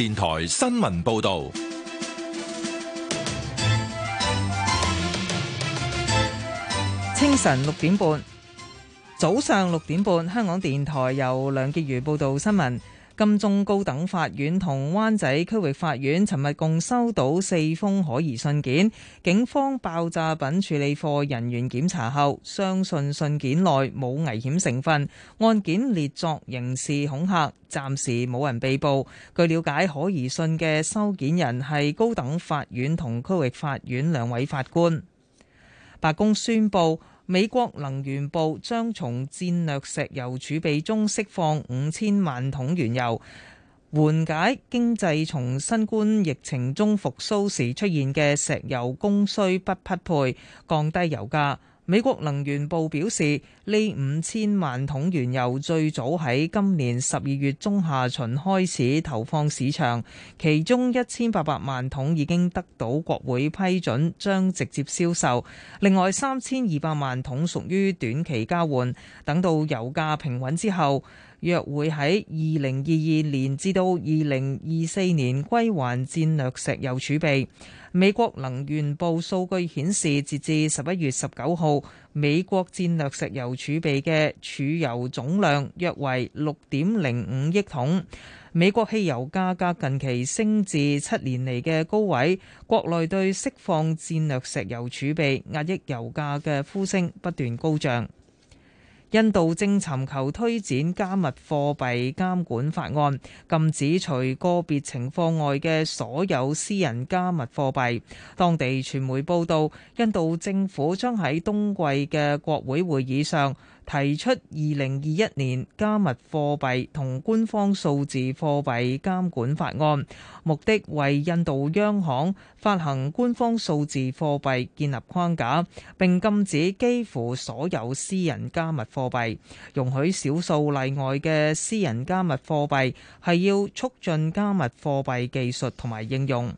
電台新聞報道，清晨六點半，早上六點半，香港電台由梁潔如報道新聞。金鐘高等法院同灣仔區域法院尋日共收到四封可疑信件，警方爆炸品處理課人員檢查後，相信信件內冇危險成分，案件列作刑事恐嚇，暫時冇人被捕。據了解，可疑信嘅收件人係高等法院同區域法院兩位法官。白宮宣布。美國能源部將從戰略石油儲備中釋放五千萬桶原油，緩解經濟從新冠疫情中復甦時出現嘅石油供需不匹配，降低油價。美國能源部表示，呢五千萬桶原油最早喺今年十二月中下旬開始投放市場，其中一千八百萬桶已經得到國會批准，將直接銷售；另外三千二百萬桶屬於短期交換，等到油價平穩之後，約會喺二零二二年至到二零二四年歸還戰略石油儲備。美國能源部數據顯示，截至十一月十九號，美國戰略石油儲備嘅儲油總量約為六點零五億桶。美國汽油價格近期升至七年嚟嘅高位，國內對釋放戰略石油儲備壓抑油價嘅呼聲不斷高漲。印度正尋求推展加密貨幣監管法案，禁止除個別情況外嘅所有私人加密貨幣。當地傳媒報道，印度政府將喺冬季嘅國會會議上提出二零二一年加密貨幣同官方數字貨幣監管法案，目的為印度央行發行官方數字貨幣建立框架，並禁止幾乎所有私人加密貨幣，容許少數例外嘅私人加密貨幣，係要促進加密貨幣技術同埋應用。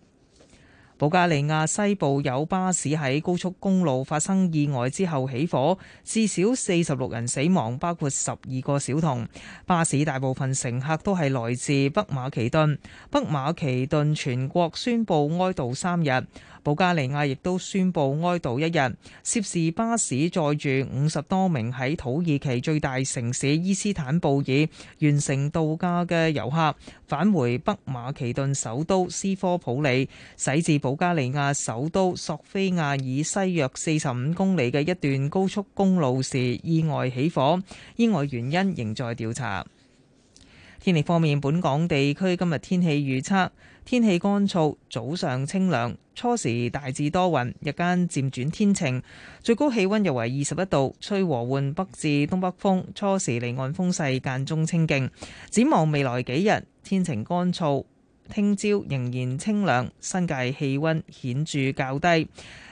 保加利亞西部有巴士喺高速公路發生意外之後起火，至少四十六人死亡，包括十二個小童。巴士大部分乘客都係來自北馬其頓。北馬其頓全國宣布哀悼三日，保加利亞亦都宣布哀悼一日。涉事巴士載住五十多名喺土耳其最大城市伊斯坦布爾完成度假嘅遊客，返回北馬其頓首都斯科普里，使至保加利亞首都索菲亞以西約四十五公里嘅一段高速公路時意外起火，意外原因仍在調查。天氣方面，本港地區今日天氣預測：天氣乾燥，早上清涼，初時大致多雲，日間漸轉天晴，最高氣温又為二十一度，吹和緩北至東北風，初時離岸風勢間中清勁。展望未來幾日，天晴乾燥。聽朝仍然清涼，新界氣温顯著較低。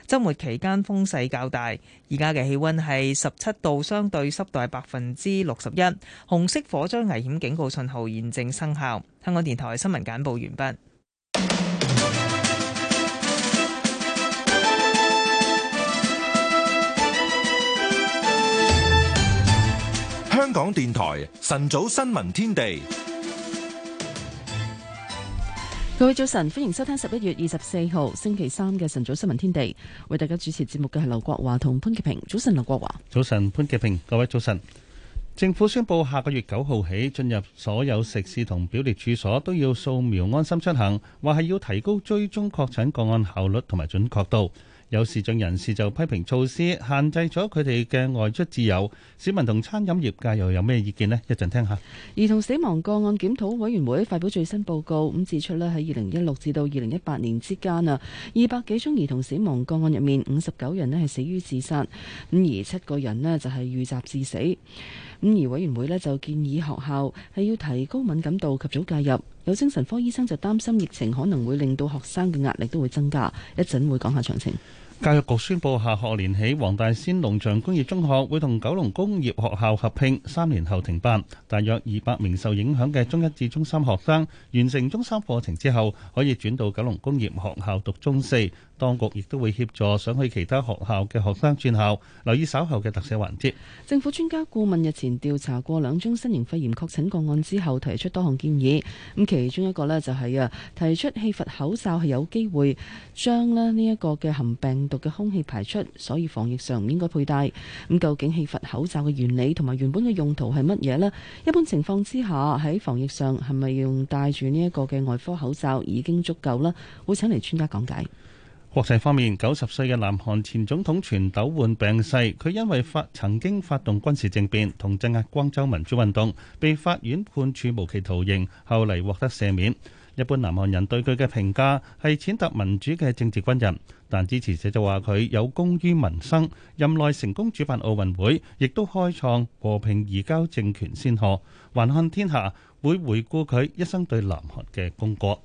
周末期間風勢較大，而家嘅氣温係十七度，相對濕度係百分之六十一。紅色火災危險警告信號現正生效。香港電台新聞簡報完畢。香港電台晨早新聞天地。各位早晨，歡迎收聽十一月二十四號星期三嘅晨早新聞天地。為大家主持節目嘅係劉國華同潘潔平。早晨，劉國華。早晨，潘潔平。各位早晨。政府宣布下個月九號起，進入所有食肆同表列處所都要掃描安心出行，話係要提高追蹤確診個案效率同埋準確度。有視障人士就批評措施限制咗佢哋嘅外出自由。市民同餐飲業界又有咩意見呢？一陣聽下。兒童死亡個案檢討委員會發表最新報告，咁指出咧喺二零一六至到二零一八年之間啊，二百幾宗兒童死亡個案入面，五十九人咧係死於自殺，咁而七個人咧就係遇襲致死。咁而委員會咧就建議學校係要提高敏感度及早介入。有精神科醫生就擔心疫情可能會令到學生嘅壓力都會增加。一陣會，會講下詳情。教育局宣布，下學年起，黃大仙龍翔工業中學會同九龍工業學校合併，三年後停辦。大約二百名受影響嘅中一至中三學生，完成中三課程之後，可以轉到九龍工業學校讀中四。當局亦都會協助想去其他學校嘅學生轉校。留意稍後嘅特寫環節。政府專家顧問日前調查過兩宗新型肺炎確診個案之後，提出多項建議。咁其中一個呢，就係啊，提出氣閥口罩係有機會將呢呢一個嘅含病毒嘅空氣排出，所以防疫上唔應該佩戴。咁究竟氣閥口罩嘅原理同埋原本嘅用途係乜嘢呢？一般情況之下喺防疫上係咪要戴住呢一個嘅外科口罩已經足夠啦？會請嚟專家講解。國際方面，九十歲嘅南韓前總統全斗煥病逝，佢因為發曾經發動軍事政變同鎮壓光州民主運動，被法院判處無期徒刑，後嚟獲得赦免。一般南韓人對佢嘅評價係踐踏民主嘅政治軍人，但支持者就話佢有功於民生，任內成功主辦奧運會，亦都開創和平移交政權先河。橫看天下會回顧佢一生對南韓嘅功過。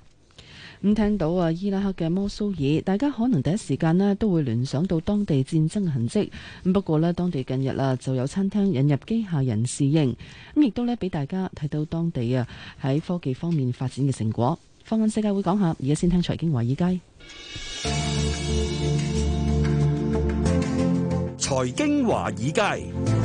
咁聽到啊伊拉克嘅摩蘇爾，大家可能第一時間咧都會聯想到當地戰爭嘅痕跡。咁不過咧，當地近日啊就有餐廳引入機械人侍應，咁亦都咧俾大家睇到當地啊喺科技方面發展嘅成果。放眼世界會講下，而家先聽財經華爾街。財經華爾街。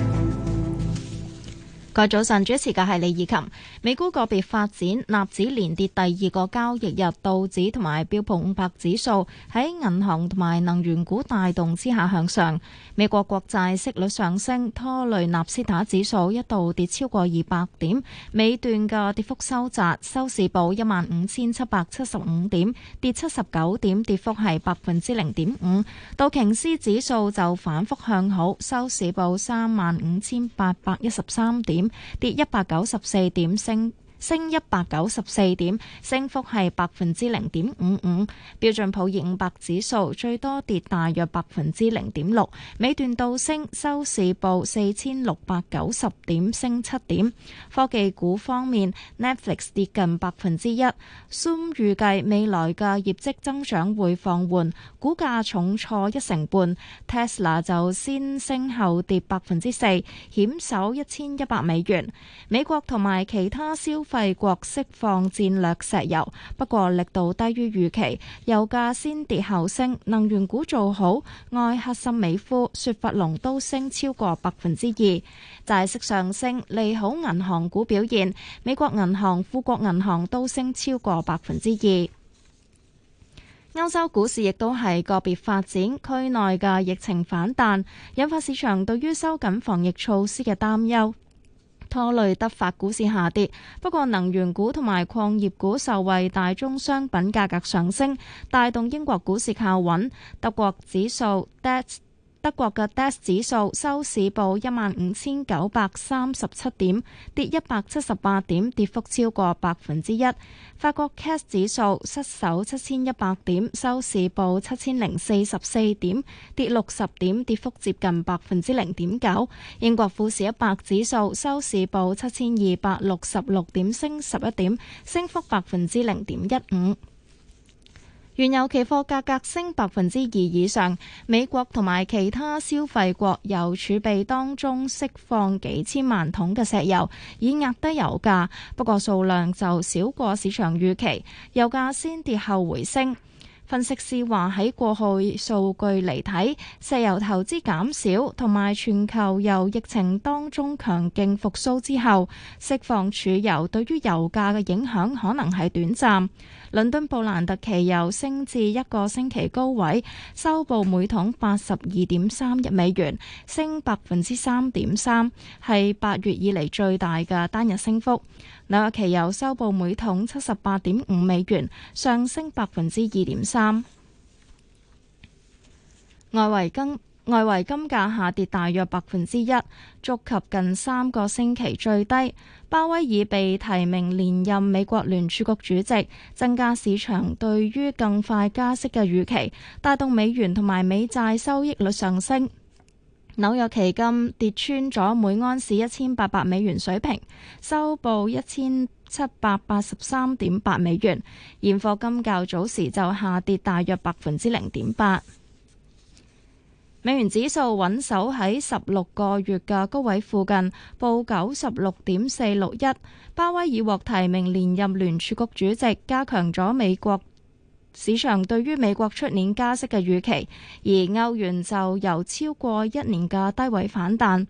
個早晨主持嘅係李以琴。美股個別發展，納指連跌第二個交易日，道指同埋標普五百指數喺銀行同埋能源股帶動之下向上。美國國債息率上升，拖累納斯達克指數一度跌超過二百點，尾段嘅跌幅收窄，收市報一萬五千七百七十五點，跌七十九點，跌幅係百分之零點五。道瓊斯指數就反復向好，收市報三萬五千八百一十三點。跌一百九十四點，升。升一百九十四點，升幅係百分之零點五五。標準普爾五百指數最多跌大約百分之零點六。尾段倒升，收市報四千六百九十點，升七點。科技股方面，Netflix 跌近百分之一。Zoom 預計未來嘅業績增長會放緩，股價重挫一成半。Tesla 就先升後跌百分之四，險守一千一百美元。美國同埋其他消廢國釋放戰略石油，不過力度低於預期，油價先跌後升，能源股做好。愛克森美孚、雪佛龍都升超過百分之二，債息上升，利好銀行股表現。美國銀行、富國銀行都升超過百分之二。歐洲股市亦都係個別發展，區內嘅疫情反彈，引發市場對於收緊防疫措施嘅擔憂。拖累德法股市下跌，不過能源股同埋礦業股受惠大宗商品價格上升，帶動英國股市靠穩。德國指數 DAX。德國嘅 DAX 指數收市報一萬五千九百三十七點，跌一百七十八點，跌幅超過百分之一。法國 CAC 指數失守七千一百點，收市報七千零四十四點，跌六十點，跌幅接近百分之零點九。英國富時一百指數收市報七千二百六十六點，升十一點，升幅百分之零點一五。原油期貨價格升百分之二以上，美國同埋其他消費國油儲備當中釋放幾千萬桶嘅石油，以壓低油價。不過數量就少過市場預期，油價先跌後回升。分析師話喺過去數據嚟睇，石油投資減少同埋全球由疫情當中強勁復蘇之後，釋放儲油對於油價嘅影響可能係短暫。倫敦布蘭特期油升至一個星期高位，收報每桶八十二點三一美元，升百分之三點三，係八月以嚟最大嘅單日升幅。紐約期油收報每桶七十八點五美元，上升百分之二點三。外圍金外圍金價下跌大約百分之一，觸及近三個星期最低。鮑威爾被提名連任美國聯儲局主席，增加市場對於更快加息嘅預期，帶動美元同埋美債收益率上升。紐約期金跌穿咗每安士一千八百美元水平，收報一千七百八十三點八美元。現貨金較早時就下跌大約百分之零點八。美元指數穩守喺十六個月嘅高位附近，報九十六點四六一。鮑威爾獲提名連任聯儲局主席，加強咗美國。市場對於美國出年加息嘅預期，而歐元就由超過一年嘅低位反彈。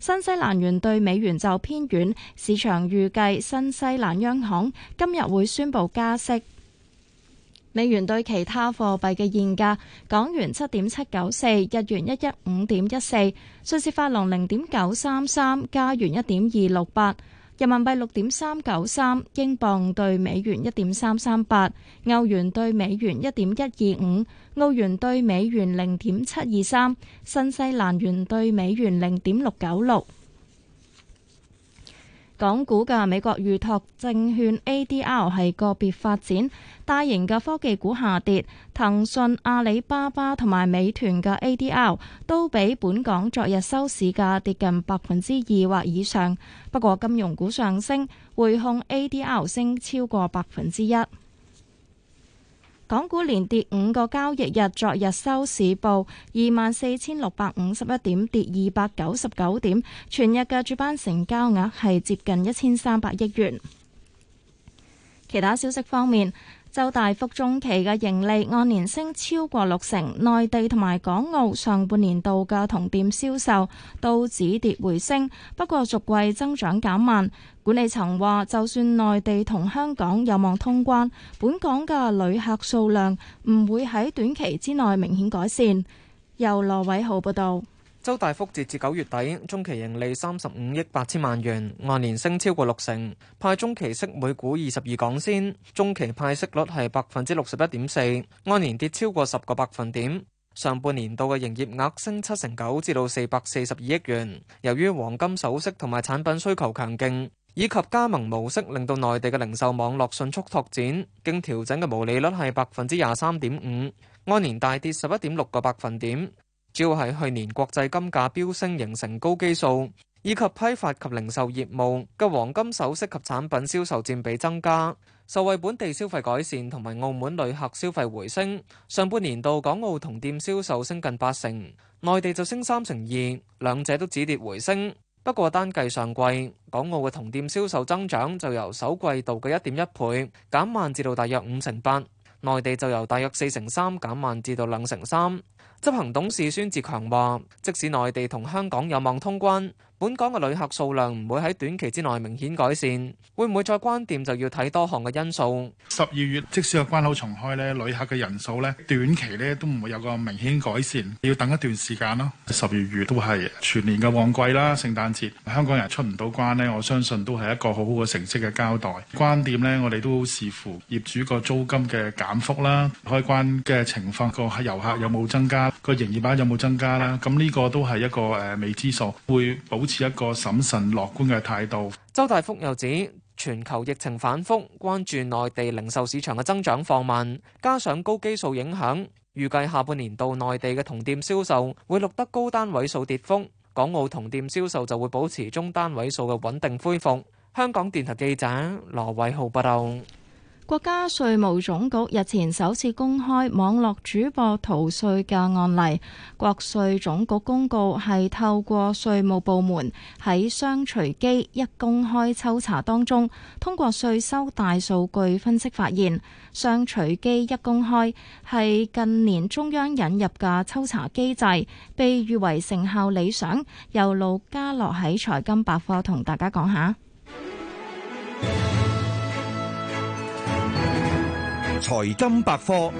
新西蘭元對美元就偏軟，市場預計新西蘭央行今日會宣布加息。美元對其他貨幣嘅現價：港元七點七九四，日元一一五點一四，瑞士法郎零點九三三，加元一點二六八。人民幣六點三九三，英鎊兌美元一點三三八，歐元兌美元一點一二五，澳元兌美元零點七二三，新西蘭元兌美元零點六九六。港股嘅美國預託證券 ADR 係個別發展，大型嘅科技股下跌，騰訊、阿里巴巴同埋美團嘅 ADR 都比本港昨日收市價跌近百分之二或以上。不過金融股上升，匯控 ADR 升超過百分之一。港股連跌五個交易日，昨日收市報二萬四千六百五十一點，跌二百九十九點。全日嘅主板成交額係接近一千三百億元。其他消息方面。周大福中期嘅盈利按年升超過六成，內地同埋港澳上半年度嘅同店銷售都止跌回升，不過逐季增長減慢。管理層話，就算內地同香港有望通關，本港嘅旅客數量唔會喺短期之內明顯改善。由羅偉浩報道。周大福，截至九月底，中期盈利三十五億八千萬元，按年升超過六成，派中期息每股二十二港仙，中期派息率係百分之六十一點四，按年跌超過十個百分點。上半年度嘅營業額升七成九，至到四百四十二億元。由於黃金首飾同埋產品需求強勁，以及加盟模式令到內地嘅零售網絡迅速拓展，經調整嘅毛利率係百分之廿三點五，按年大跌十一點六個百分點。主要係去年國際金價飆升形成高基數，以及批發及零售業務嘅黃金首飾及產品銷售佔比增加，受惠本地消費改善同埋澳門旅客消費回升。上半年度港澳同店銷售升近八成，內地就升三成二，兩者都止跌回升。不過單計上季，港澳嘅同店銷售增長就由首季度嘅一點一倍減慢至到大約五成八，內地就由大約四成三減慢至到兩成三。執行董事孫志強話，即使內地同香港有望通關，本港嘅旅客數量唔會喺短期之內明顯改善，會唔會再關店就要睇多項嘅因素。十二月即使個關口重開咧，旅客嘅人數咧短期咧都唔會有個明顯改善，要等一段時間咯。十二月都係全年嘅旺季啦，聖誕節香港人出唔到關咧，我相信都係一個好好嘅成績嘅交代。關店咧，我哋都視乎業主個租金嘅減幅啦，開關嘅情況個遊客有冇增加，個營業額有冇增加啦。咁呢個都係一個誒未知數，會保。持一個審慎樂觀嘅態度。周大福又指，全球疫情反覆，關注內地零售市場嘅增長放慢，加上高基數影響，預計下半年度內地嘅同店銷售會錄得高單位數跌幅，港澳同店銷售就會保持中單位數嘅穩定恢復。香港電台記者羅偉浩報道。國家稅務總局日前首次公開網絡主播逃稅嘅案例。國稅總局公告係透過稅務部門喺雙隨機一公開抽查當中，通過稅收大數據分析發現。雙隨機一公開係近年中央引入嘅抽查機制，被譽為成效理想。由盧家樂喺財金百貨同大家講下。 財金百科，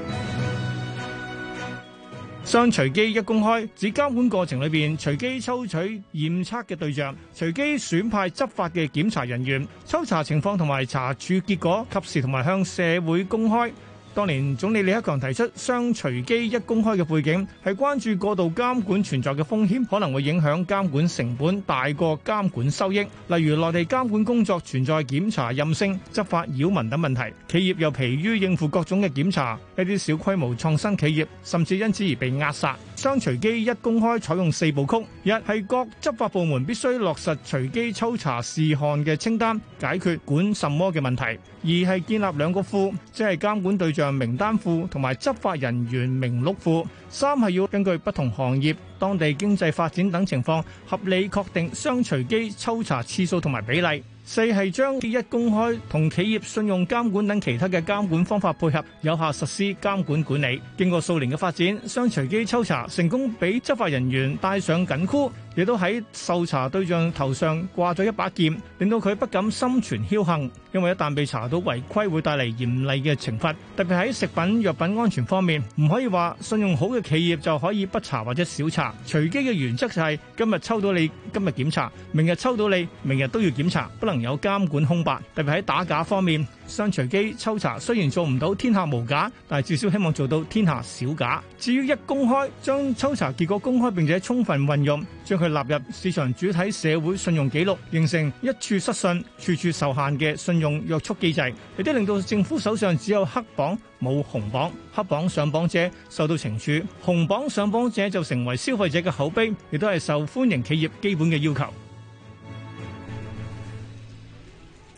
雙隨機一公開指監管過程裏邊隨機抽取驗測嘅對象，隨機選派執法嘅檢查人員，抽查情況同埋查處結果及時同埋向社會公開。當年總理李克強提出雙隨機一公開嘅背景，係關注過度監管存在嘅風險，可能會影響監管成本大過監管收益。例如內地監管工作存在檢查任性、執法擾民等問題，企業又疲於應付各種嘅檢查，一啲小規模創新企業甚至因此而被扼殺。雙隨機一公開採用四部曲：一係各執法部門必須落實隨機抽查事項嘅清單，解決管什麼嘅問題；二係建立兩個庫，即係監管對象。名單庫同埋執法人員名錄庫，三係要根據不同行業、當地經濟發展等情況，合理確定雙隨機抽查次數同埋比例。四係將一公開同企業信用監管等其他嘅監管方法配合，有效實施監管管理。經過數年嘅發展，雙隨機抽查成功俾執法人員戴上緊箍，亦都喺受查對象頭上掛咗一把劍，令到佢不敢心存僥倖。因為一旦被查到違規，會帶嚟嚴厲嘅懲罰。特別喺食品藥品安全方面，唔可以話信用好嘅企業就可以不查或者少查。隨機嘅原則就係、是、今日抽到你，今日檢查；明日抽到你，明日都要檢查，不能。仍有監管空白，特別喺打假方面，商隨機抽查雖然做唔到天下無假，但係至少希望做到天下少假。至於一公開，將抽查結果公開，並且充分運用，將佢納入市場主體社會信用記錄，形成一處失信，處處受限嘅信用約束機制，亦都令到政府手上只有黑榜冇紅榜，黑榜上榜者受到懲處，紅榜上榜者就成為消費者嘅口碑，亦都係受歡迎企業基本嘅要求。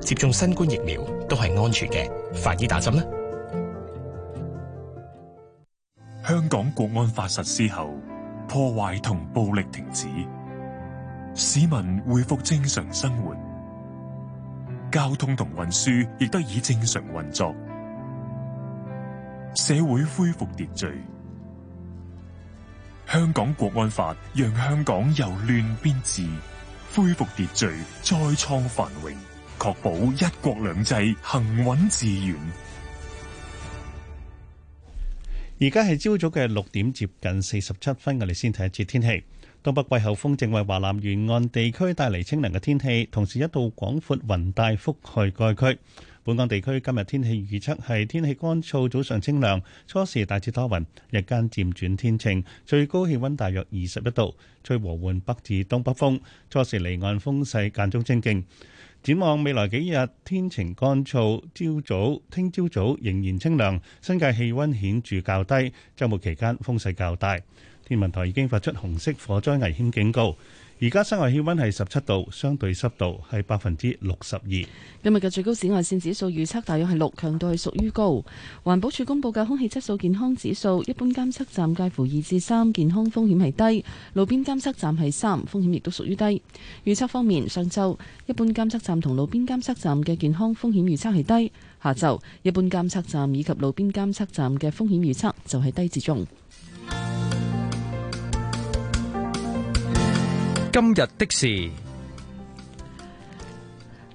接種新冠疫苗都係安全嘅，反而打針呢？香港國安法實施後，破壞同暴力停止，市民恢復正常生活，交通同運輸亦得以正常運作，社會恢復秩序。香港國安法讓香港由亂變治，恢復秩序，再創繁榮。確保一國兩制行穩致遠。而家係朝早嘅六點接近四十七分，我哋先睇一節天氣。東北季候風正為華南沿岸地區帶嚟清涼嘅天氣，同時一道廣闊雲帶覆蓋該區。本港地區今日天氣預測係天氣乾燥，早上清涼，初時大致多雲，日間漸轉天晴，最高氣溫大約二十一度，吹和緩北至東北風，初時離岸風勢間中清勁。展望未來幾日，天晴乾燥，朝早、聽朝早仍然清涼，新界氣溫顯著較低。周末期間風勢較大，天文台已經發出紅色火災危險警告。而家室外氣溫係十七度，相對濕度係百分之六十二。今日嘅最高紫外線指數預測大約係六，強度係屬於高。環保署公布嘅空氣質素健康指數，一般監測站介乎二至三，健康風險係低；路邊監測站係三，風險亦都屬於低。預測方面，上晝一般監測站同路邊監測站嘅健康風險預測係低；下晝一般監測站以及路邊監測站嘅風險預測就係低至中。今日的事，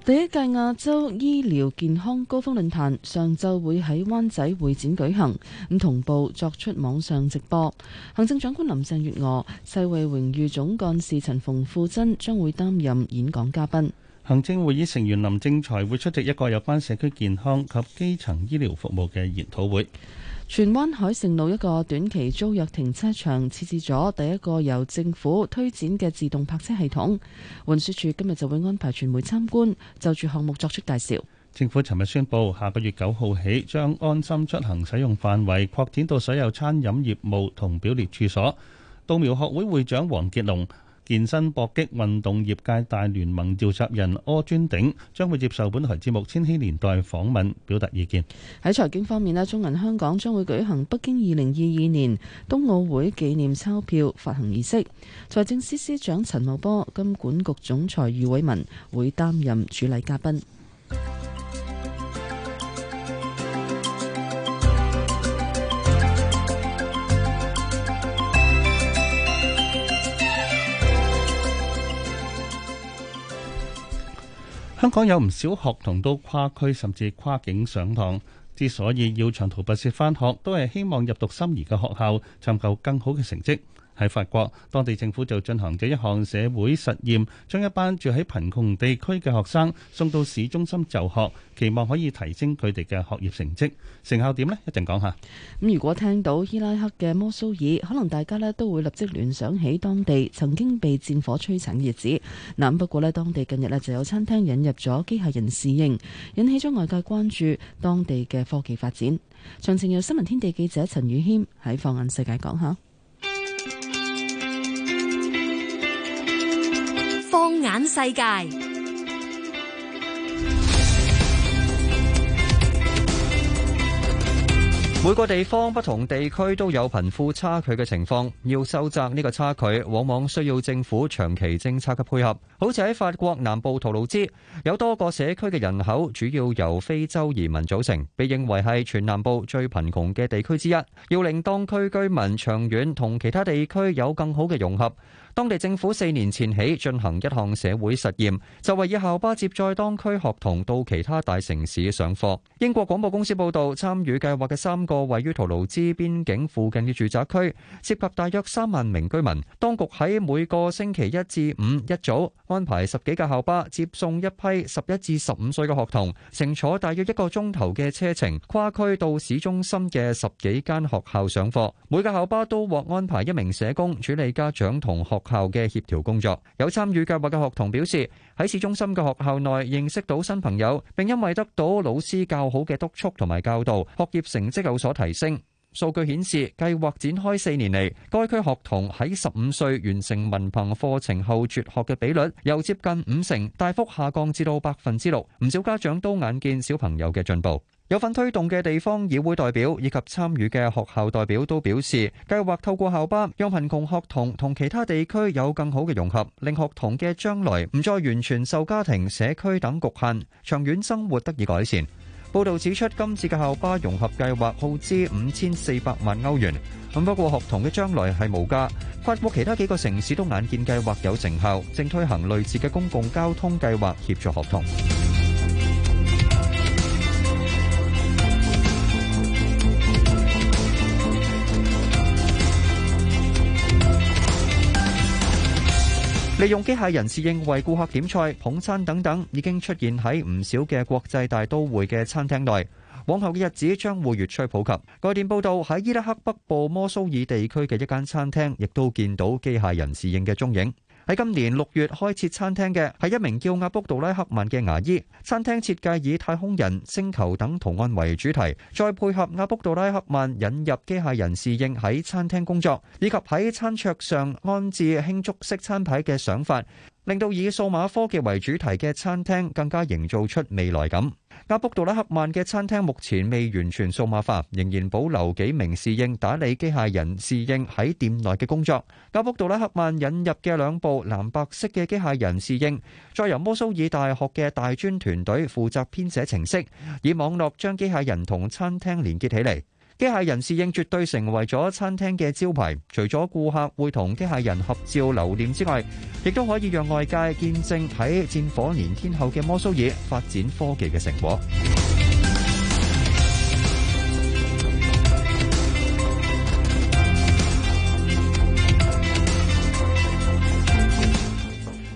第一屆亞洲醫療健康高峰論壇上晝會喺灣仔會展舉行，咁同步作出網上直播。行政長官林鄭月娥、世衛榮譽總幹事陳馮富珍將會擔任演講嘉賓。行政會議成員林正財會出席一個有關社區健康及基層醫療服務嘅研討會。荃灣海盛路一個短期租約停車場設置咗第一個由政府推展嘅自動泊車系統。運輸署今日就會安排傳媒參觀，就住項目作出介紹。政府尋日宣布，下個月九號起將安心出行使用範圍擴展到所有餐飲業務同表列處所。稻苗學會會長黃傑龍。健身搏擊運動業界大聯盟召集人柯尊鼎將會接受本台節目《千禧年代》訪問，表達意見。喺財經方面咧，中銀香港將會舉行北京二零二二年冬奧會紀念鈔票發行儀式，財政司司長陳茂波、金管局總裁余偉文會擔任主禮嘉賓。香港有唔少學童都跨區甚至跨境上堂，之所以要長途跋涉返學，都係希望入讀心儀嘅學校，尋求更好嘅成績。喺法國，當地政府就進行咗一項社會實驗，將一班住喺貧窮地區嘅學生送到市中心就學，期望可以提升佢哋嘅學業成績。成效點呢？一陣講下。咁如果聽到伊拉克嘅摩蘇爾，可能大家呢都會立即聯想起當地曾經被戰火摧殘嘅日子。嗱，不過呢，當地近日呢就有餐廳引入咗機械人侍應，引起咗外界關注當地嘅科技發展。詳情由新聞天地記者陳宇謙喺放眼世界講下。眼世界，每個地方不同地區都有貧富差距嘅情況。要收窄呢個差距，往往需要政府長期政策嘅配合。好似喺法國南部圖盧茲，有多個社區嘅人口主要由非洲移民組成，被認為係全南部最貧窮嘅地區之一。要令當區居民長遠同其他地區有更好嘅融合。當地政府四年前起進行一項社會實驗，就為以校巴接載當區學童到其他大城市上課。英國廣播公司報道，參與計劃嘅三個位於圖盧茲邊境附近嘅住宅區，涉及大約三萬名居民。當局喺每個星期一至五一早安排十幾個校巴接送一批十一至十五歲嘅學童，乘坐大約一個鐘頭嘅車程，跨區到市中心嘅十幾間學校上課。每個校巴都獲安排一名社工處理家長同學學校嘅協調工作，有參與計劃嘅學童表示，喺市中心嘅學校內認識到新朋友，並因為得到老師較好嘅督促同埋教導，學業成績有所提升。數據顯示，計劃展開四年嚟，該區學童喺十五歲完成文憑課程後輟學嘅比率由接近五成大幅下降至到百分之六，唔少家長都眼見小朋友嘅進步。有份推動嘅地方議會代表以及參與嘅學校代表都表示，計劃透過校巴，讓貧窮學童同其他地區有更好嘅融合，令學童嘅將來唔再完全受家庭、社區等局限，長遠生活得以改善。報導指出，今次嘅校巴融合計劃耗資五千四百萬歐元。咁不過學童嘅將來係無家無價。法國其他幾個城市都眼見計劃有成效，正推行類似嘅公共交通計劃協助學童。利用機械人侍應為顧客點菜、捧餐等等，已經出現喺唔少嘅國際大都會嘅餐廳內。往後嘅日子將會越趨普及。據電報導，喺伊拉克北部摩蘇爾地區嘅一間餐廳，亦都見到機械人侍應嘅蹤影。喺今年六月開設餐廳嘅係一名叫阿卜杜拉克曼嘅牙醫。餐廳設計以太空人、星球等圖案為主題，再配合阿卜杜拉克曼引入機械人侍應喺餐廳工作，以及喺餐桌上安置輕觸式餐牌嘅想法，令到以數碼科技為主題嘅餐廳更加營造出未來感。加卜杜拉克曼嘅餐廳目前未完全數碼化，仍然保留幾名侍應打理機械人侍應喺店內嘅工作。加卜杜拉克曼引入嘅兩部藍白色嘅機械人侍應，再由摩蘇爾大學嘅大專團隊負責編寫程式，以網絡將機械人同餐廳連結起嚟。機械人侍應絕對成為咗餐廳嘅招牌，除咗顧客會同機械人合照留念之外，亦都可以讓外界見證喺戰火連天後嘅摩蘇爾發展科技嘅成果。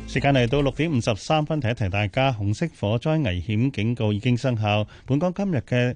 時間嚟到六點五十三分，提一提大家，紅色火災危險警告已經生效。本港今日嘅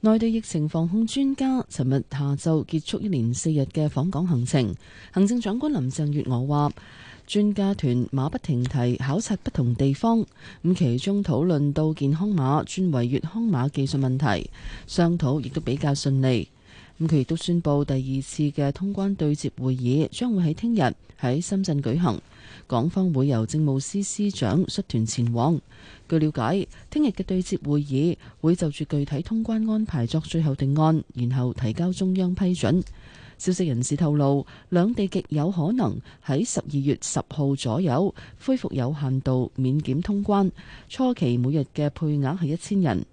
內地疫情防控專家尋日下晝結束一連四日嘅訪港行程。行政長官林鄭月娥話，專家團馬不停蹄考察不同地方，咁其中討論到健康碼轉為粵康碼技術問題，商討亦都比較順利。咁佢亦都宣布，第二次嘅通關對接會議將會喺聽日喺深圳舉行。港方會由政務司司長率團前往。據了解，聽日嘅對接會議會就住具體通關安排作最後定案，然後提交中央批准。消息人士透露，兩地極有可能喺十二月十號左右恢復有限度免檢通關，初期每日嘅配額係一千人。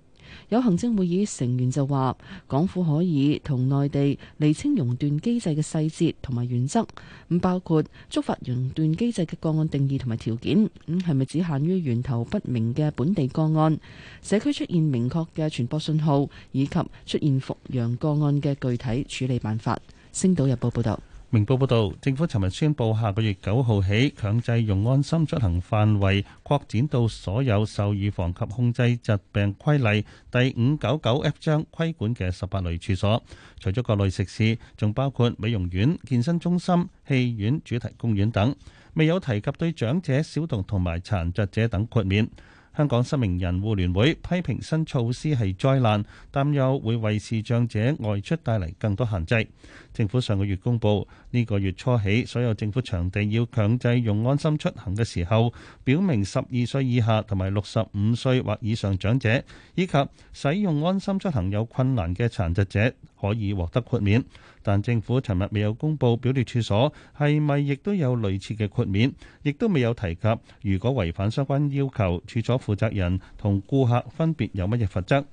有行政會議成員就話，港府可以同內地釐清熔斷機制嘅細節同埋原則，咁包括觸發熔斷機制嘅個案定義同埋條件，咁係咪只限於源頭不明嘅本地個案？社區出現明確嘅傳播信號，以及出現復陽個案嘅具體處理辦法。星島日報報道。明報報導，政府尋日宣佈，下個月九號起強制用安心出行範圍擴展到所有受預防及控制疾病規例第五九九 F 章規管嘅十八類處所，除咗各類食肆，仲包括美容院、健身中心、戲院、主題公園等，未有提及對長者、小童同埋殘疾者等豁免。香港失明人互聯會批評新措施係災難，擔憂會為視障者外出帶嚟更多限制。政府上個月公布，呢、這個月初起，所有政府場地要強制用安心出行嘅時候，表明十二歲以下同埋六十五歲或以上長者，以及使用安心出行有困難嘅殘疾者，可以獲得豁免。但政府尋日未有公布表列處所係咪亦都有類似嘅豁免，亦都未有提及如果違反相關要求，處所負責人同顧客分別有乜嘢罰則。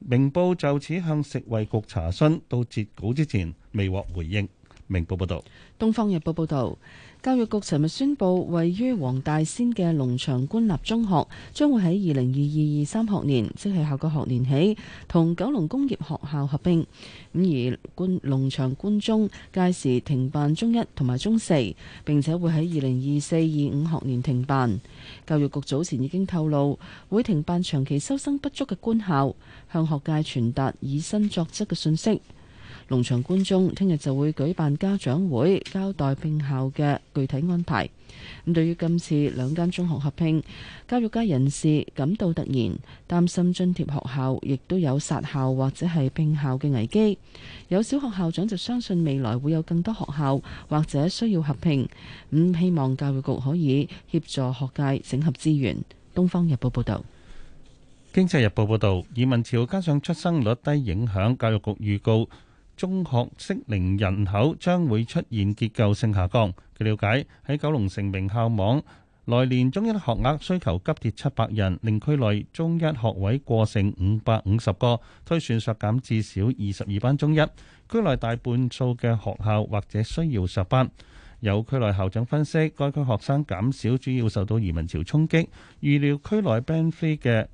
明報就此向食衞局查詢，到截稿之前未獲回應。明報報道。《東方日報》報道。教育局尋日宣布，位於黃大仙嘅龍翔官立中學將會喺二零二二二三學年，即係下個學年起，同九龍工業學校合併。咁而官龍翔官中屆時停辦中一，同埋中四，並且會喺二零二四二五學年停辦。教育局早前已經透露，會停辦長期收生不足嘅官校，向學界傳達以身作則嘅訊息。農場官中聽日就會舉辦家長會，交代併校嘅具體安排。咁對於今次兩間中學合併，教育界人士感到突然，擔心津貼學校亦都有殺校或者係併校嘅危機。有小學校長就相信未來會有更多學校或者需要合併。咁、嗯、希望教育局可以協助學界整合資源。東方日報報道，經濟日報報道，移民潮加上出生率低影響，教育局預告。中學適齡人口將會出現結構性下降。據了解，喺九龍城名校網，來年中一學額需求急跌七百人，令區內中一學位過剩五百五十個，推算削減至少二十二班中一。區內大半數嘅學校或者需要削班。有區內校長分析，該區學生減少主要受到移民潮衝擊，預料區內 Band 3嘅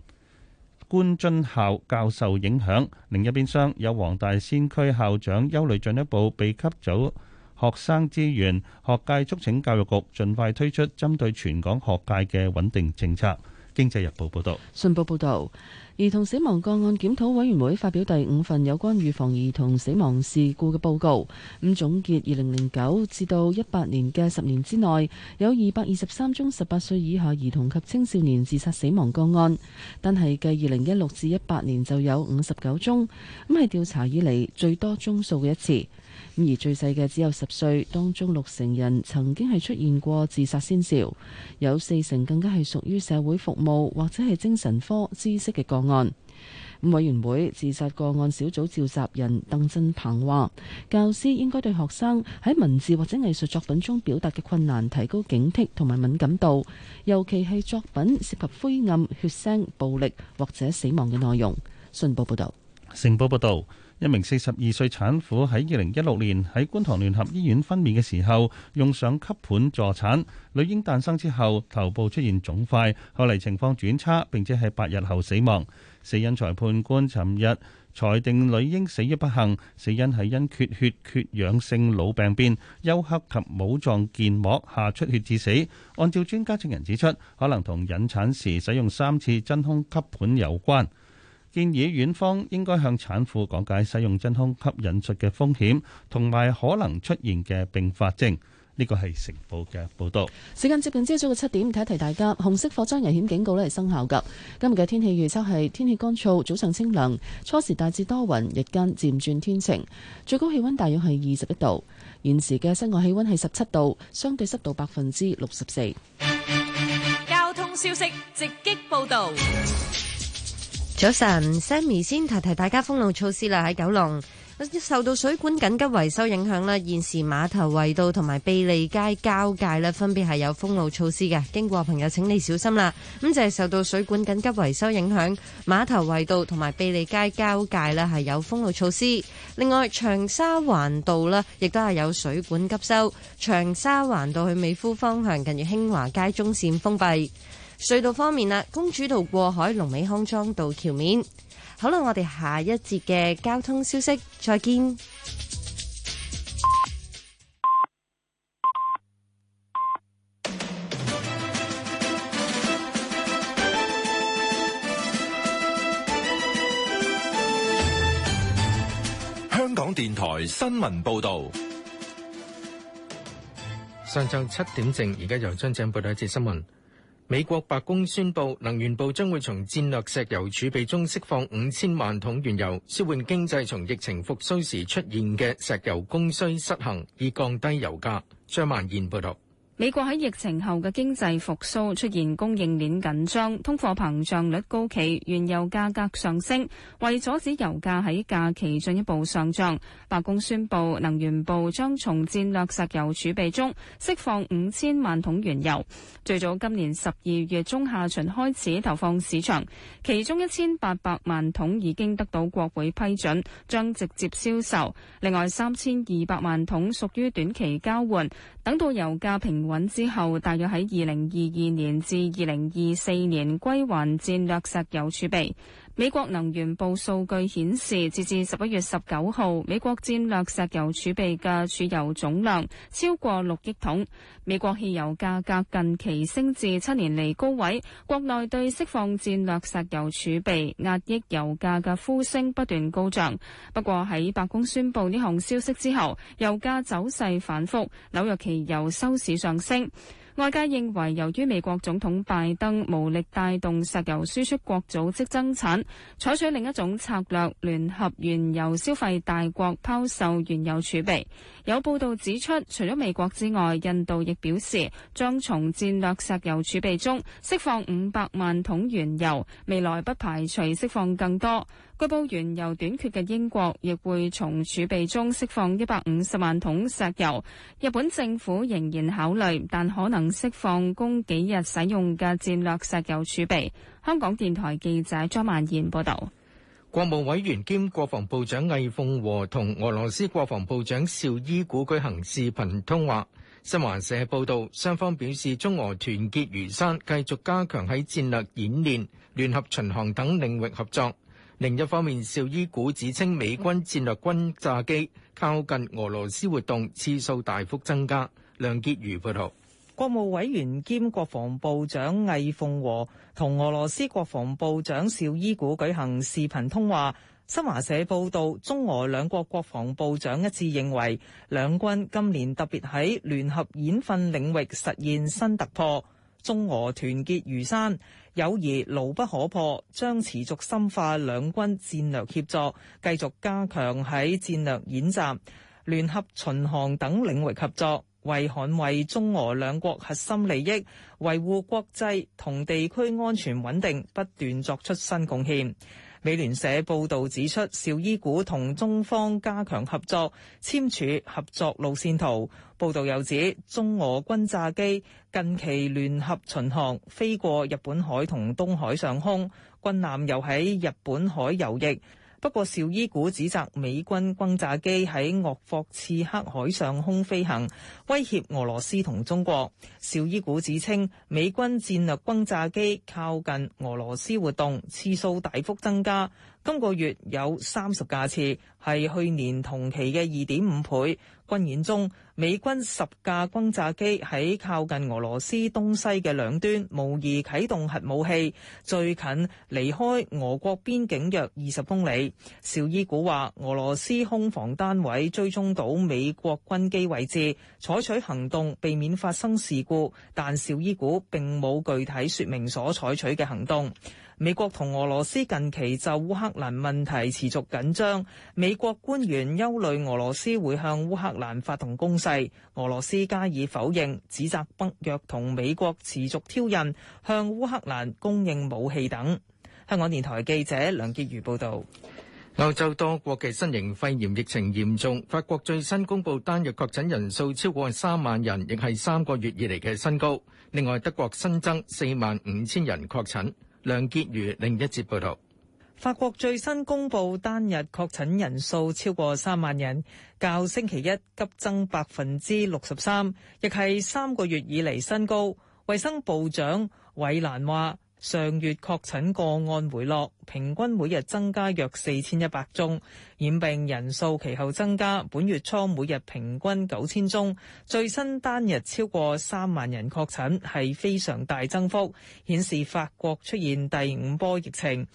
官津校教授影響，另一邊廂有黃大仙區校長憂慮進一步被吸走學生資源，學界促請教育局盡快推出針對全港學界嘅穩定政策。經濟日報報道。信報報導。兒童死亡個案檢討委員會發表第五份有關預防兒童死亡事故嘅報告，咁總結二零零九至到一八年嘅十年之內，有二百二十三宗十八歲以下兒童及青少年自殺死亡個案，但係計二零一六至一八年就有五十九宗，咁係調查以嚟最多宗數嘅一次。而最細嘅只有十歲，當中六成人曾經係出現過自殺先兆，有四成更加係屬於社會服務或者係精神科知識嘅個案。委員會自殺個案小組召集人鄧振鵬話，教師應該對學生喺文字或者藝術作品中表達嘅困難提高警惕同埋敏感度，尤其係作品涉及灰暗、血腥、暴力或者死亡嘅內容。信報報道，成報報道。一名四十二歲產婦喺二零一六年喺觀塘聯合醫院分娩嘅時候，用上吸盤助產，女嬰誕生之後頭部出現腫塊，後嚟情況轉差，並且係八日後死亡。死因裁判官尋日裁定女嬰死於不幸，死因係因缺血缺氧性腦病變、休克及帽狀腱膜下出血致死。按照專家證人指出，可能同引產時使用三次真空吸盤有關。建議院方應該向產婦講解使用真空吸引術嘅風險同埋可能出現嘅併發症。呢個係成報嘅報道。時間接近朝早嘅七點，提一提大家，紅色火災危險警告咧係生效噶。今日嘅天氣預測係天氣乾燥，早上清涼，初時大致多雲，日間漸轉天晴，最高氣溫大約係二十一度。現時嘅室外氣溫係十七度，相對濕度百分之六十四。交通消息直擊報道。早晨，Sammy 先提提大家封路措施啦。喺九龍受到水管緊急維修影響咧，現時碼頭圍道同埋貝利街交界咧，分別係有封路措施嘅。經過朋友請你小心啦。咁就係受到水管緊急維修影響，碼頭圍道同埋貝利街交界咧係有封路措施。另外，長沙環道咧亦都係有水管急修，長沙環道去美孚方向近住興華街中線封閉。隧道方面啦，公主道過海、龍尾康莊道橋面。好啦，我哋下一節嘅交通消息，再見。香港電台新聞報道，上晝七點正，而家由張正報道一節新聞。美國白宮宣布，能源部將會從戰略石油儲備中釋放五千萬桶原油，舒緩經濟從疫情復甦時出現嘅石油供需失衡，以降低油價。張萬燕報道。美國喺疫情後嘅經濟復蘇出現供應鏈緊張、通貨膨脹率高企、原油價格上升，為阻止油價喺假期進一步上漲，白宮宣布能源部將從戰略石油儲備中釋放五千萬桶原油，最早今年十二月中下旬開始投放市場，其中一千八百萬桶已經得到國會批准，將直接銷售；另外三千二百萬桶屬於短期交換，等到油價平。穩之後，大約喺二零二二年至二零二四年歸還戰略石油儲備。美國能源部數據顯示，截至十一月十九號，美國戰略石油儲備嘅儲油總量超過六億桶。美國汽油價格近期升至七年嚟高位，國內對釋放戰略石油儲備、壓抑油價嘅呼聲不斷高漲。不過喺白宮宣布呢項消息之後，油價走勢反覆，紐約期油收市上升。外界認為，由於美國總統拜登無力帶動石油輸出國組織增產，採取另一種策略，聯合原油消費大國拋售原油儲備。有報道指出，除咗美國之外，印度亦表示將從戰略石油儲備中釋放五百萬桶原油，未來不排除釋放更多。據報原油短缺嘅英國亦會從儲備中釋放一百五十萬桶石油。日本政府仍然考慮，但可能釋放供幾日使用嘅戰略石油儲備。香港電台記者張曼燕報道。國務委員兼國防部長魏鳳和同俄羅斯國防部長邵伊古舉行視頻通話。新華社報道，雙方表示中俄團結如山，繼續加強喺戰略演練、聯合巡航等領域合作。另一方面，邵伊古指稱美軍戰略轟炸機靠近俄羅斯活動次數大幅增加。梁潔如報道。國務委員兼國防部長魏鳳和同俄羅斯國防部長紹伊古舉行視頻通話。新華社報道，中俄兩國國防部長一致認為，兩軍今年特別喺聯合演訓領域實現新突破，中俄團結如山，友誼牢不可破，將持續深化兩軍戰略協作，繼續加強喺戰略演習、聯合巡航等領域合作。為捍衛中俄兩國核心利益、維護國際同地區安全穩定，不斷作出新貢獻。美聯社報導指出，紹伊古同中方加強合作，簽署合作路線圖。報導又指，中俄轟炸機近期聯合巡航飛過日本海同東海上空，軍艦又喺日本海游弋。不過，紹伊古指責美軍轟炸機喺鄂霍次克海上空飛行，威脅俄羅斯同中國。紹伊古指稱，美軍戰略轟炸機靠近俄羅斯活動次數大幅增加，今個月有三十架次，係去年同期嘅二點五倍。軍演中，美軍十架轟炸機喺靠近俄羅斯東西嘅兩端，模擬啟動核武器。最近離開俄國邊境約二十公里，紹伊古話俄羅斯空防單位追蹤到美國軍機位置，採取行動避免發生事故，但紹伊古並冇具體說明所採取嘅行動。美國同俄羅斯近期就烏克蘭問題持續緊張，美國官員憂慮俄羅斯會向烏克蘭發動攻勢，俄羅斯加以否認，指責北約同美國持續挑釁，向烏克蘭供應武器等。香港電台記者梁潔如報導。歐洲多國嘅新型肺炎疫情嚴重，法國最新公布單日確診人數超過三萬人，亦係三個月以嚟嘅新高。另外，德國新增四萬五千人確診。梁潔如另一節報道，法國最新公布單日確診人數超過三萬人，較星期一急增百分之六十三，亦係三個月以嚟新高。衛生部長韋蘭話。上月確診個案回落，平均每日增加約四千一百宗，染病人數其後增加。本月初每日平均九千宗，最新單日超過三萬人確診，係非常大增幅，顯示法國出現第五波疫情。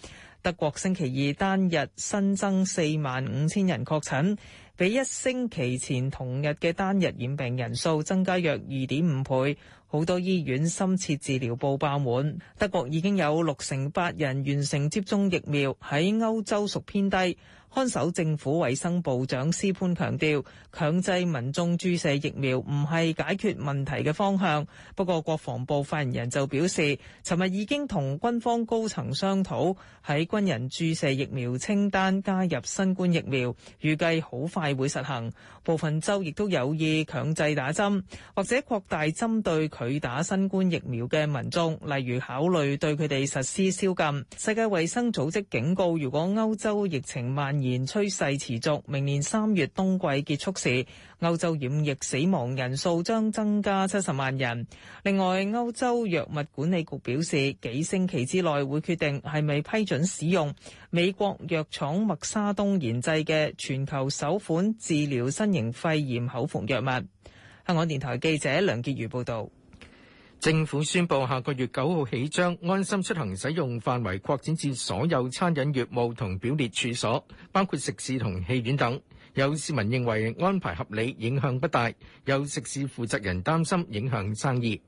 德國星期二單日新增四萬五千人確診，比一星期前同日嘅單日染病人數增加約二點五倍。好多醫院深切治療部爆滿，德國已經有六成八人完成接種疫苗，喺歐洲屬偏低。看守政府衞生部長施潘強調，強制民眾注射疫苗唔係解決問題嘅方向。不過，國防部發言人就表示，尋日已經同軍方高層商討，喺軍人注射疫苗清單加入新冠疫苗，預計好快會實行。部分州亦都有意強制打針，或者擴大針對拒打新冠疫苗嘅民眾，例如考慮對佢哋實施宵禁。世界衛生組織警告，如果歐洲疫情蔓延，年趨勢持續，明年三月冬季結束時，歐洲染疫死亡人數將增加七十萬人。另外，歐洲藥物管理局表示，幾星期之內會決定係咪批准使用美國藥廠默沙東研製嘅全球首款治療新型肺炎口服藥物。香港電台記者梁潔如報道。政府宣布下個月九號起，將安心出行使用範圍擴展至所有餐飲業務同表列處所，包括食肆同戲院等。有市民認為安排合理，影響不大。有食肆負責人擔心影響生意。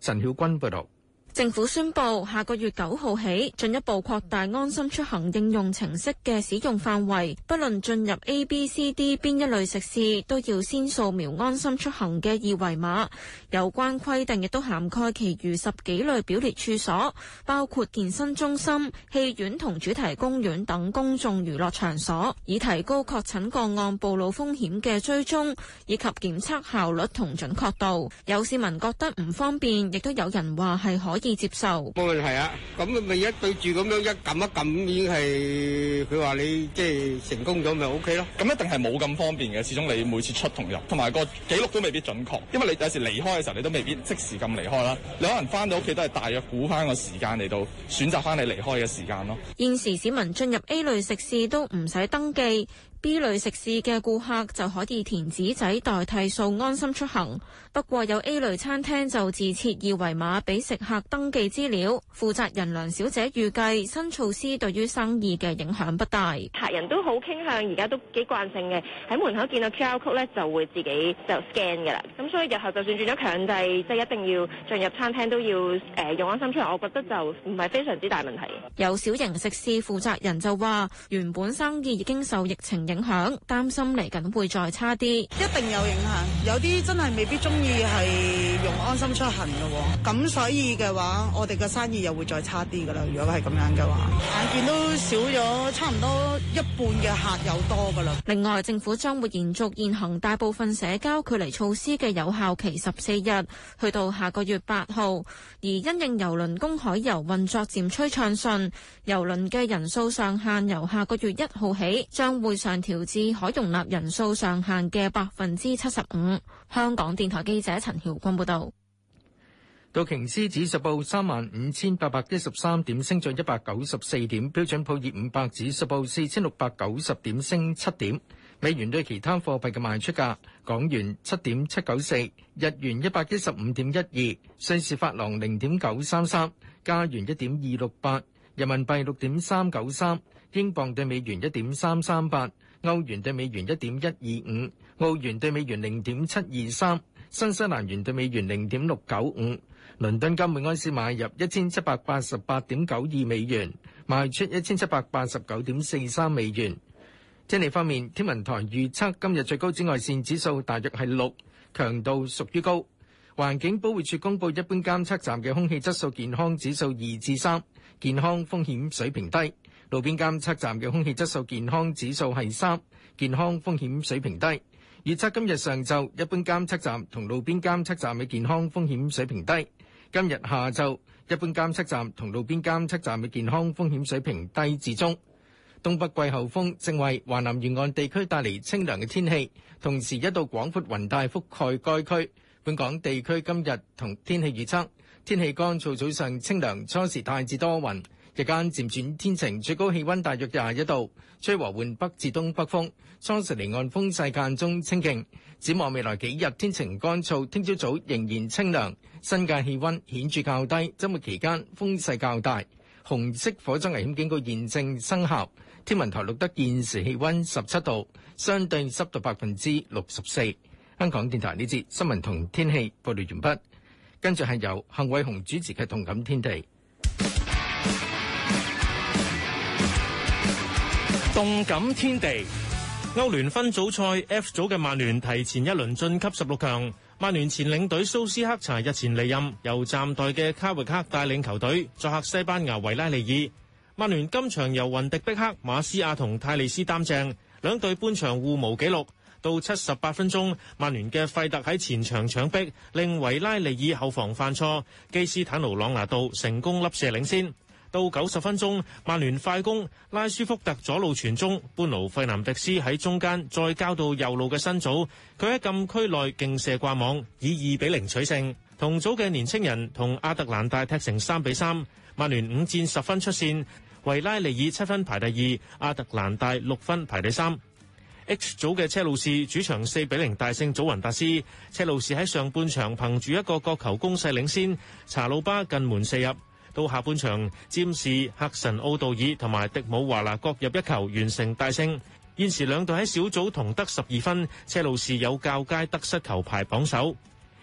陳曉君報道。政府宣布下個月九號起，進一步擴大安心出行應用程式嘅使用範圍，不論進入 A、B、C、D 邊一類食肆，都要先掃描安心出行嘅二維碼。有關規定亦都涵蓋其餘十幾類表列處所，包括健身中心、戲院同主題公園等公眾娛樂場所，以提高確診個案暴露風險嘅追蹤以及檢測效率同準確度。有市民覺得唔方便，亦都有人話係可以。接受冇問題啊！咁咪一對住咁樣一撳一撳已經係佢話你即係成功咗咪 O K 咯？咁一定係冇咁方便嘅，始終你每次出同入，同埋個記錄都未必準確，因為你有時離開嘅時候你都未必即時咁離開啦，你可能翻到屋企都係大約估翻個時間嚟到選擇翻你離開嘅時間咯。現時市民進入 A 類食肆都唔使登記。B 類食肆嘅顧客就可以填紙仔代替掃安心出行，不過有 A 類餐廳就自設二維碼俾食客登記資料。負責人梁小姐預計新措施對於生意嘅影響不大，客人都好傾向，而家都幾慣性嘅，喺門口見到 QR code 咧就會自己就 scan 㗎啦。咁所以日後就算轉咗強制，即係一定要進入餐廳都要，呃，用安心出行，我覺得就唔係非常之大問題。有小型食肆負責人就話：原本生意已經受疫情影影響，擔心嚟緊會再差啲，一定有影響。有啲真係未必中意係用安心出行噶，咁所以嘅話，我哋嘅生意又會再差啲噶啦。如果係咁樣嘅話，眼見都少咗差唔多一半嘅客，有多噶啦。另外，政府將會延續現行大部分社交距離措施嘅有效期十四日，去到下個月八號。而因應郵輪公海遊運作漸趨暢順，郵輪嘅人數上限由下個月一號起將會上調至可容納人數上限嘅百分之七十五。香港電台記者陳曉君報道。道瓊斯指數報三萬五千八百一十三點，升咗一百九十四點。標準普爾五百指數報四千六百九十點，升七點。美元對其他貨幣嘅賣出價：港元七點七九四，日元一百一十五點一二，瑞士法郎零點九三三，加元一點二六八，人民幣六點三九三，英鎊對美元一點三三八。歐元對美元一點一二五，澳元對美元零點七二三，新西蘭元對美元零點六九五。倫敦金每安士買入一千七百八十八點九二美元，賣出一千七百八十九點四三美元。天氣方面，天文台預測今日最高紫外線指數大約係六，強度屬於高。環境保護署公布一般監測站嘅空氣質素健康指數二至三。健康風險水平低，路邊監測站嘅空氣質素健康指數係三，健康風險水平低。預測今日上晝一般監測站同路邊監測站嘅健康風險水平低。今日下晝一般監測站同路邊監測站嘅健康風險水平低至中。東北季候風正為華南沿岸地區帶嚟清涼嘅天氣，同時一道廣闊雲帶覆蓋該區，本港地區今日同天氣預測。天氣乾燥，早上清涼，初時大致多雲，日間漸轉天晴，最高氣温大約廿一度，吹和緩北至東北風，初時離岸風勢間中清勁。展望未來幾日天晴乾燥，聽朝早仍然清涼，新界氣温顯著較低，周末期間風勢較大。紅色火災危險警告現正生效。天文台錄得現時氣温十七度，相對濕度百分之六十四。香港電台呢節新聞同天氣報導完畢。跟住係由幸偉雄主持嘅《動感天地》。動感天地，歐聯分組賽 F 組嘅曼聯提前一輪晉級十六強。曼聯前領隊蘇斯克查日前離任，由暫代嘅卡域克帶領球隊作客西班牙維拉利爾。曼聯今場由雲迪迪碧克、馬斯亞同泰利斯擔正，兩隊半場互無紀錄。到七十八分鐘，曼聯嘅費特喺前場搶逼，令維拉利爾後防犯錯，基斯坦奴朗拿度成功粒射領先。到九十分鐘，曼聯快攻，拉舒福特左路傳中，般奴費南迪斯喺中間再交到右路嘅辛祖，佢喺禁區內勁射掛網，以二比零取勝。同組嘅年輕人同阿特蘭大踢成三比三，曼聯五戰十分出線，維拉利爾七分排第二，阿特蘭大六分排第三。H 組嘅車路士主場四比零大勝祖雲達斯，車路士喺上半場憑住一個角球攻勢領先，查魯巴近門四入，到下半場詹士、克神奧道爾同埋迪姆華拿各入一球，完成大勝。現時兩隊喺小組同得十二分，車路士有較佳得失球排榜首。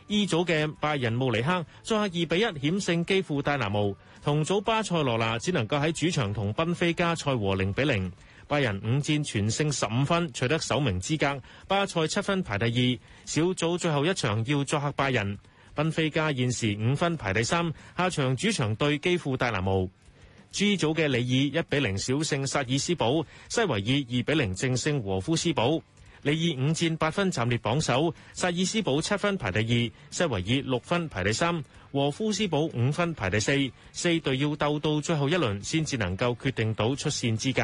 E 組嘅拜仁慕尼黑作客二比一險勝基富戴拿慕，同組巴塞羅那只能夠喺主場同賓菲加賽和零比零。拜仁五戰全勝十五分，取得首名資格。巴塞七分排第二，小組最後一場要作客拜仁。賓菲加現時五分排第三，下場主場對基輔戴拿模。G 組嘅里爾一比零小勝薩爾斯堡，西維爾二比零正勝和夫斯堡。里爾五戰八分暫列榜首，薩爾斯堡七分排第二，西維爾六分排第三。和夫斯堡五分排第四，四隊要鬥到最後一輪，先至能夠決定到出線資格。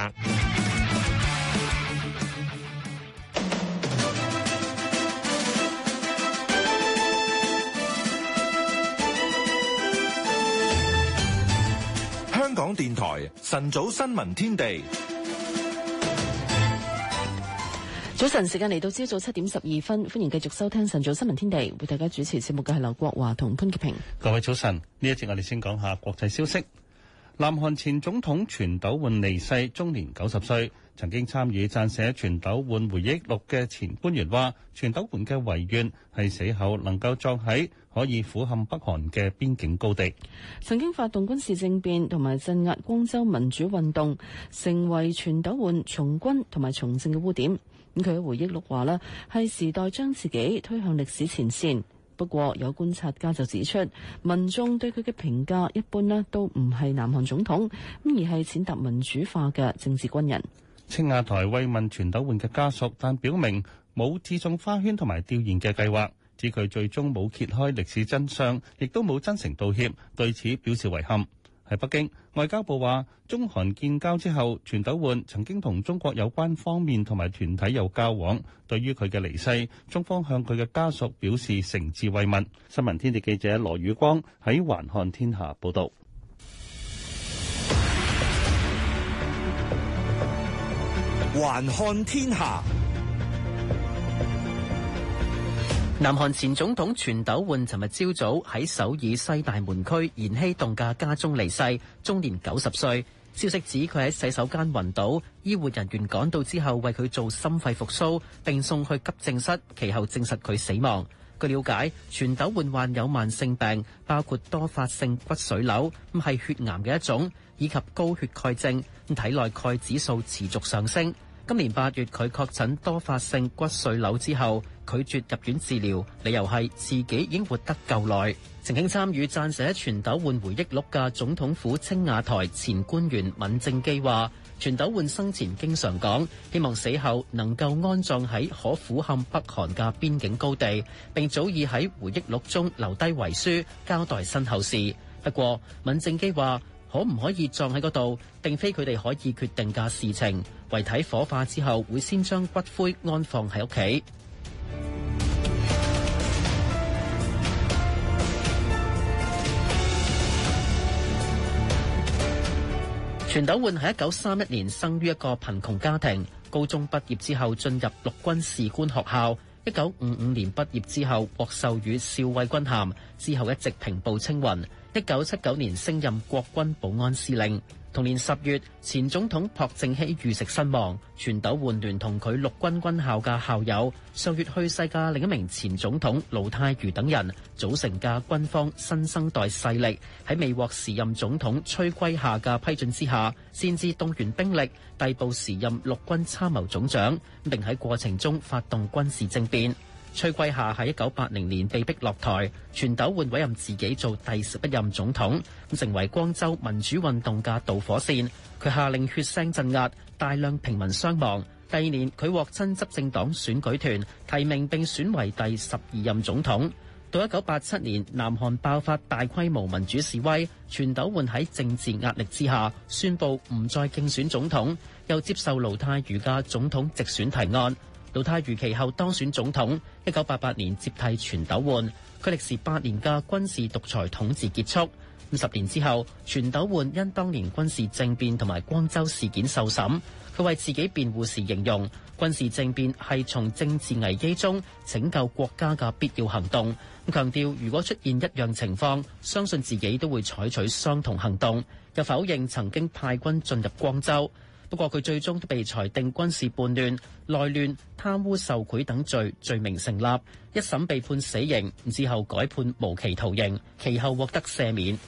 香港電台晨早新聞天地。早晨，時間嚟到朝早七點十二分，歡迎繼續收聽晨早新聞天地。為大家主持節目嘅係劉國華同潘潔平。各位早晨，呢一節我哋先講下國際消息。南韓前總統全斗煥離世，終年九十歲。曾經參與撰寫全斗煥回憶錄嘅前官員話，全斗煥嘅遺願係死後能夠葬喺可以俯瞰北韓嘅邊境高地。曾經發動軍事政變同埋鎮壓光州民主運動，成為全斗煥從軍同埋從政嘅污點。佢嘅回憶錄話啦，係時代將自己推向歷史前線。不過有觀察家就指出，民眾對佢嘅評價一般咧都唔係南韓總統，咁而係踐踏民主化嘅政治軍人。青瓦台慰問全斗煥嘅家屬，但表明冇致送花圈同埋吊唁嘅計劃。指佢最終冇揭開歷史真相，亦都冇真誠道歉，對此表示遺憾。喺北京，外交部話，中韓建交之後，全斗煥曾經同中國有關方面同埋團體有交往。對於佢嘅離世，中方向佢嘅家屬表示誠摯慰問。新聞天地記者羅宇光喺環看天下報導。環看天下。報南韓前總統全斗煥尋日朝早喺首爾西大門區延禧洞嘅家中離世，終年九十歲。消息指佢喺洗手間暈倒，醫護人員趕到之後為佢做心肺復蘇，並送去急症室，其後證實佢死亡。據了解，全斗煥患有慢性病，包括多發性骨髓瘤，咁係血癌嘅一種，以及高血鈣症，咁體內鈣指數持續上升。今年八月，佢確診多發性骨髓瘤之後，拒絕入院治療，理由係自己已經活得夠耐。曾經參與撰寫《全斗煥回憶錄》嘅總統府青瓦台前官員敏正基話，全斗煥生前經常講，希望死後能夠安葬喺可俯瞰北韓嘅邊境高地，並早已喺回憶錄中留低遺書交代身後事。不過，敏正基話，可唔可以葬喺嗰度，並非佢哋可以決定嘅事情。遺體火化之後，會先將骨灰安放喺屋企。全斗煥喺一九三一年生於一個貧窮家庭，高中畢業之後進入陸軍士官學校，一九五五年畢業之後獲授予少尉軍銜，之後一直平步青雲，一九七九年升任國軍保安司令。同年十月，前總統朴正熙遇刺身亡，全斗煥聯同佢陸軍軍校嘅校友、上月去世嘅另一名前總統盧泰愚等人組成嘅軍方新生代勢力，喺未獲時任總統崔圭夏嘅批准之下，先至動員兵力逮捕時任陸軍參謀總長，並喺過程中發動軍事政變。崔圭夏喺一九八零年被逼落台，全斗煥委任自己做第十一任總統，成為光州民主運動嘅導火線。佢下令血腥鎮壓，大量平民傷亡。第二年佢獲親執政黨選舉團提名，並選為第十二任總統。到一九八七年，南韓爆發大規模民主示威，全斗煥喺政治壓力之下宣布唔再競選總統，又接受盧泰愚嘅總統直選提案。盧泰愚其後當選總統，一九八八年接替全斗煥，佢歷時八年嘅軍事獨裁統治結束。五十年之後，全斗煥因當年軍事政變同埋光州事件受審，佢為自己辯護時形容軍事政變係從政治危機中拯救國家嘅必要行動，強調如果出現一樣情況，相信自己都會採取相同行動，又否認曾經派軍進入光州。不過佢最終被裁定軍事叛亂、內亂、貪污受賄等罪，罪名成立，一審被判死刑，之後改判無期徒刑，其後獲得赦免。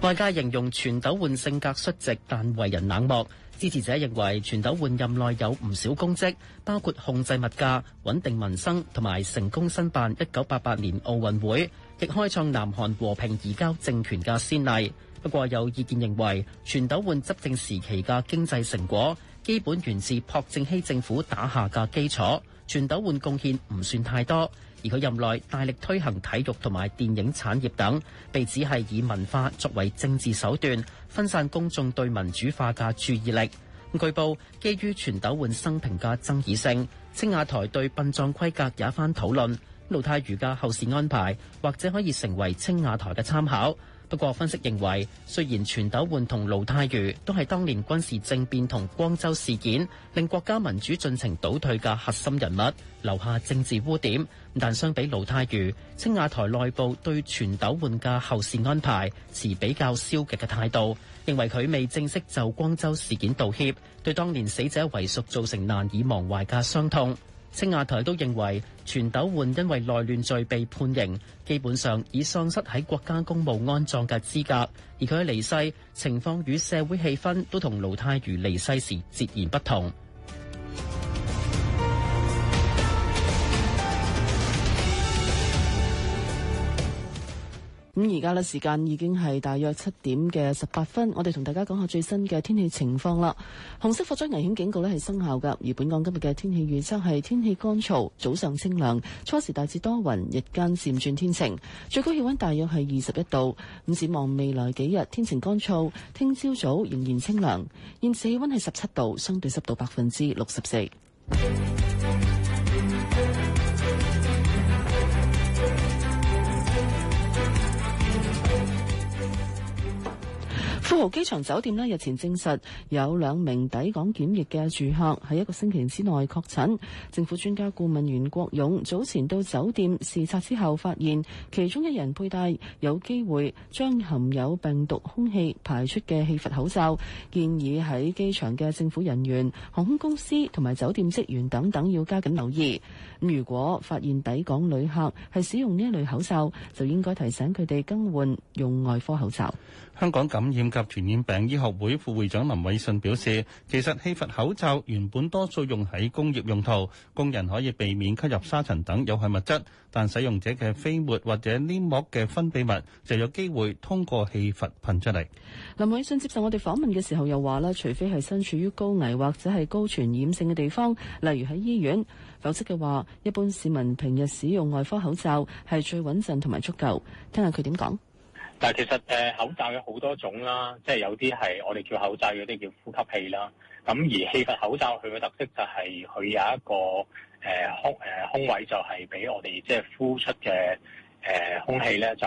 外界形容全斗煥性格率直，但為人冷漠。支持者認為，全斗煥任內有唔少功績，包括控制物價、穩定民生同埋成功申辦一九八八年奧運會，亦開創南韓和平移交政權嘅先例。不過有意見認為，全斗煥執政時期嘅經濟成果基本源自朴正熙政府打下嘅基礎，全斗煥貢獻唔算太多。而佢任內大力推行體育同埋電影產業等，被指係以文化作為政治手段，分散公眾對民主化嘅注意力。據報，基於全斗煥生平嘅爭議性，青瓦台對殯葬規格有一番討論。盧泰愚嘅後事安排，或者可以成為青瓦台嘅參考。不過，分析認為，雖然全斗煥同盧泰愚都係當年軍事政變同光州事件令國家民主進程倒退嘅核心人物，留下政治污點，但相比盧泰愚，青瓦台內部對全斗煥嘅後事安排持比較消極嘅態度，認為佢未正式就光州事件道歉，對當年死者遺屬造成難以忘懷嘅傷痛。青瓦台都認為，全斗煥因為內亂罪被判刑，基本上已喪失喺國家公務安葬嘅資格。而佢嘅離世情況與社會氣氛都同盧泰愚離世時截然不同。咁而家咧，時間已經係大約七點嘅十八分，我哋同大家講下最新嘅天氣情況啦。紅色火災危險警告咧係生效噶，而本港今日嘅天氣預測係天氣乾燥，早上清涼，初時大致多雲，日間漸轉天晴，最高氣溫大約係二十一度。咁展望未來幾日天晴乾燥，聽朝早仍然清涼，現時氣溫係十七度，相對濕度百分之六十四。富豪機場酒店呢日前證實有兩名抵港檢疫嘅住客喺一個星期之內確診。政府專家顧問袁國勇早前到酒店視察之後，發現其中一人佩戴有機會將含有病毒空氣排出嘅氣閥口罩，建議喺機場嘅政府人員、航空公司同埋酒店職員等等要加緊留意。咁如果發現抵港旅客係使用呢一類口罩，就應該提醒佢哋更換用外科口罩。香港感染及傳染病醫學會副會長林偉信表示，其實氣閥口罩原本多數用喺工業用途，工人可以避免吸入沙塵等有害物質，但使用者嘅飛沫或者黏膜嘅分泌物就有機會通過氣閥噴出嚟。林偉信接受我哋訪問嘅時候又話啦，除非係身處於高危或者係高傳染性嘅地方，例如喺醫院。否則嘅話，一般市民平日使用外科口罩係最穩陣同埋足夠。聽下佢點講。但係其實誒口罩有好多種啦，即係有啲係我哋叫口罩，有啲叫呼吸器啦。咁而氣密口罩佢嘅特色就係佢有一個誒、呃、空誒、呃、空位就、呃空，就係俾我哋即係呼出嘅誒空氣咧就誒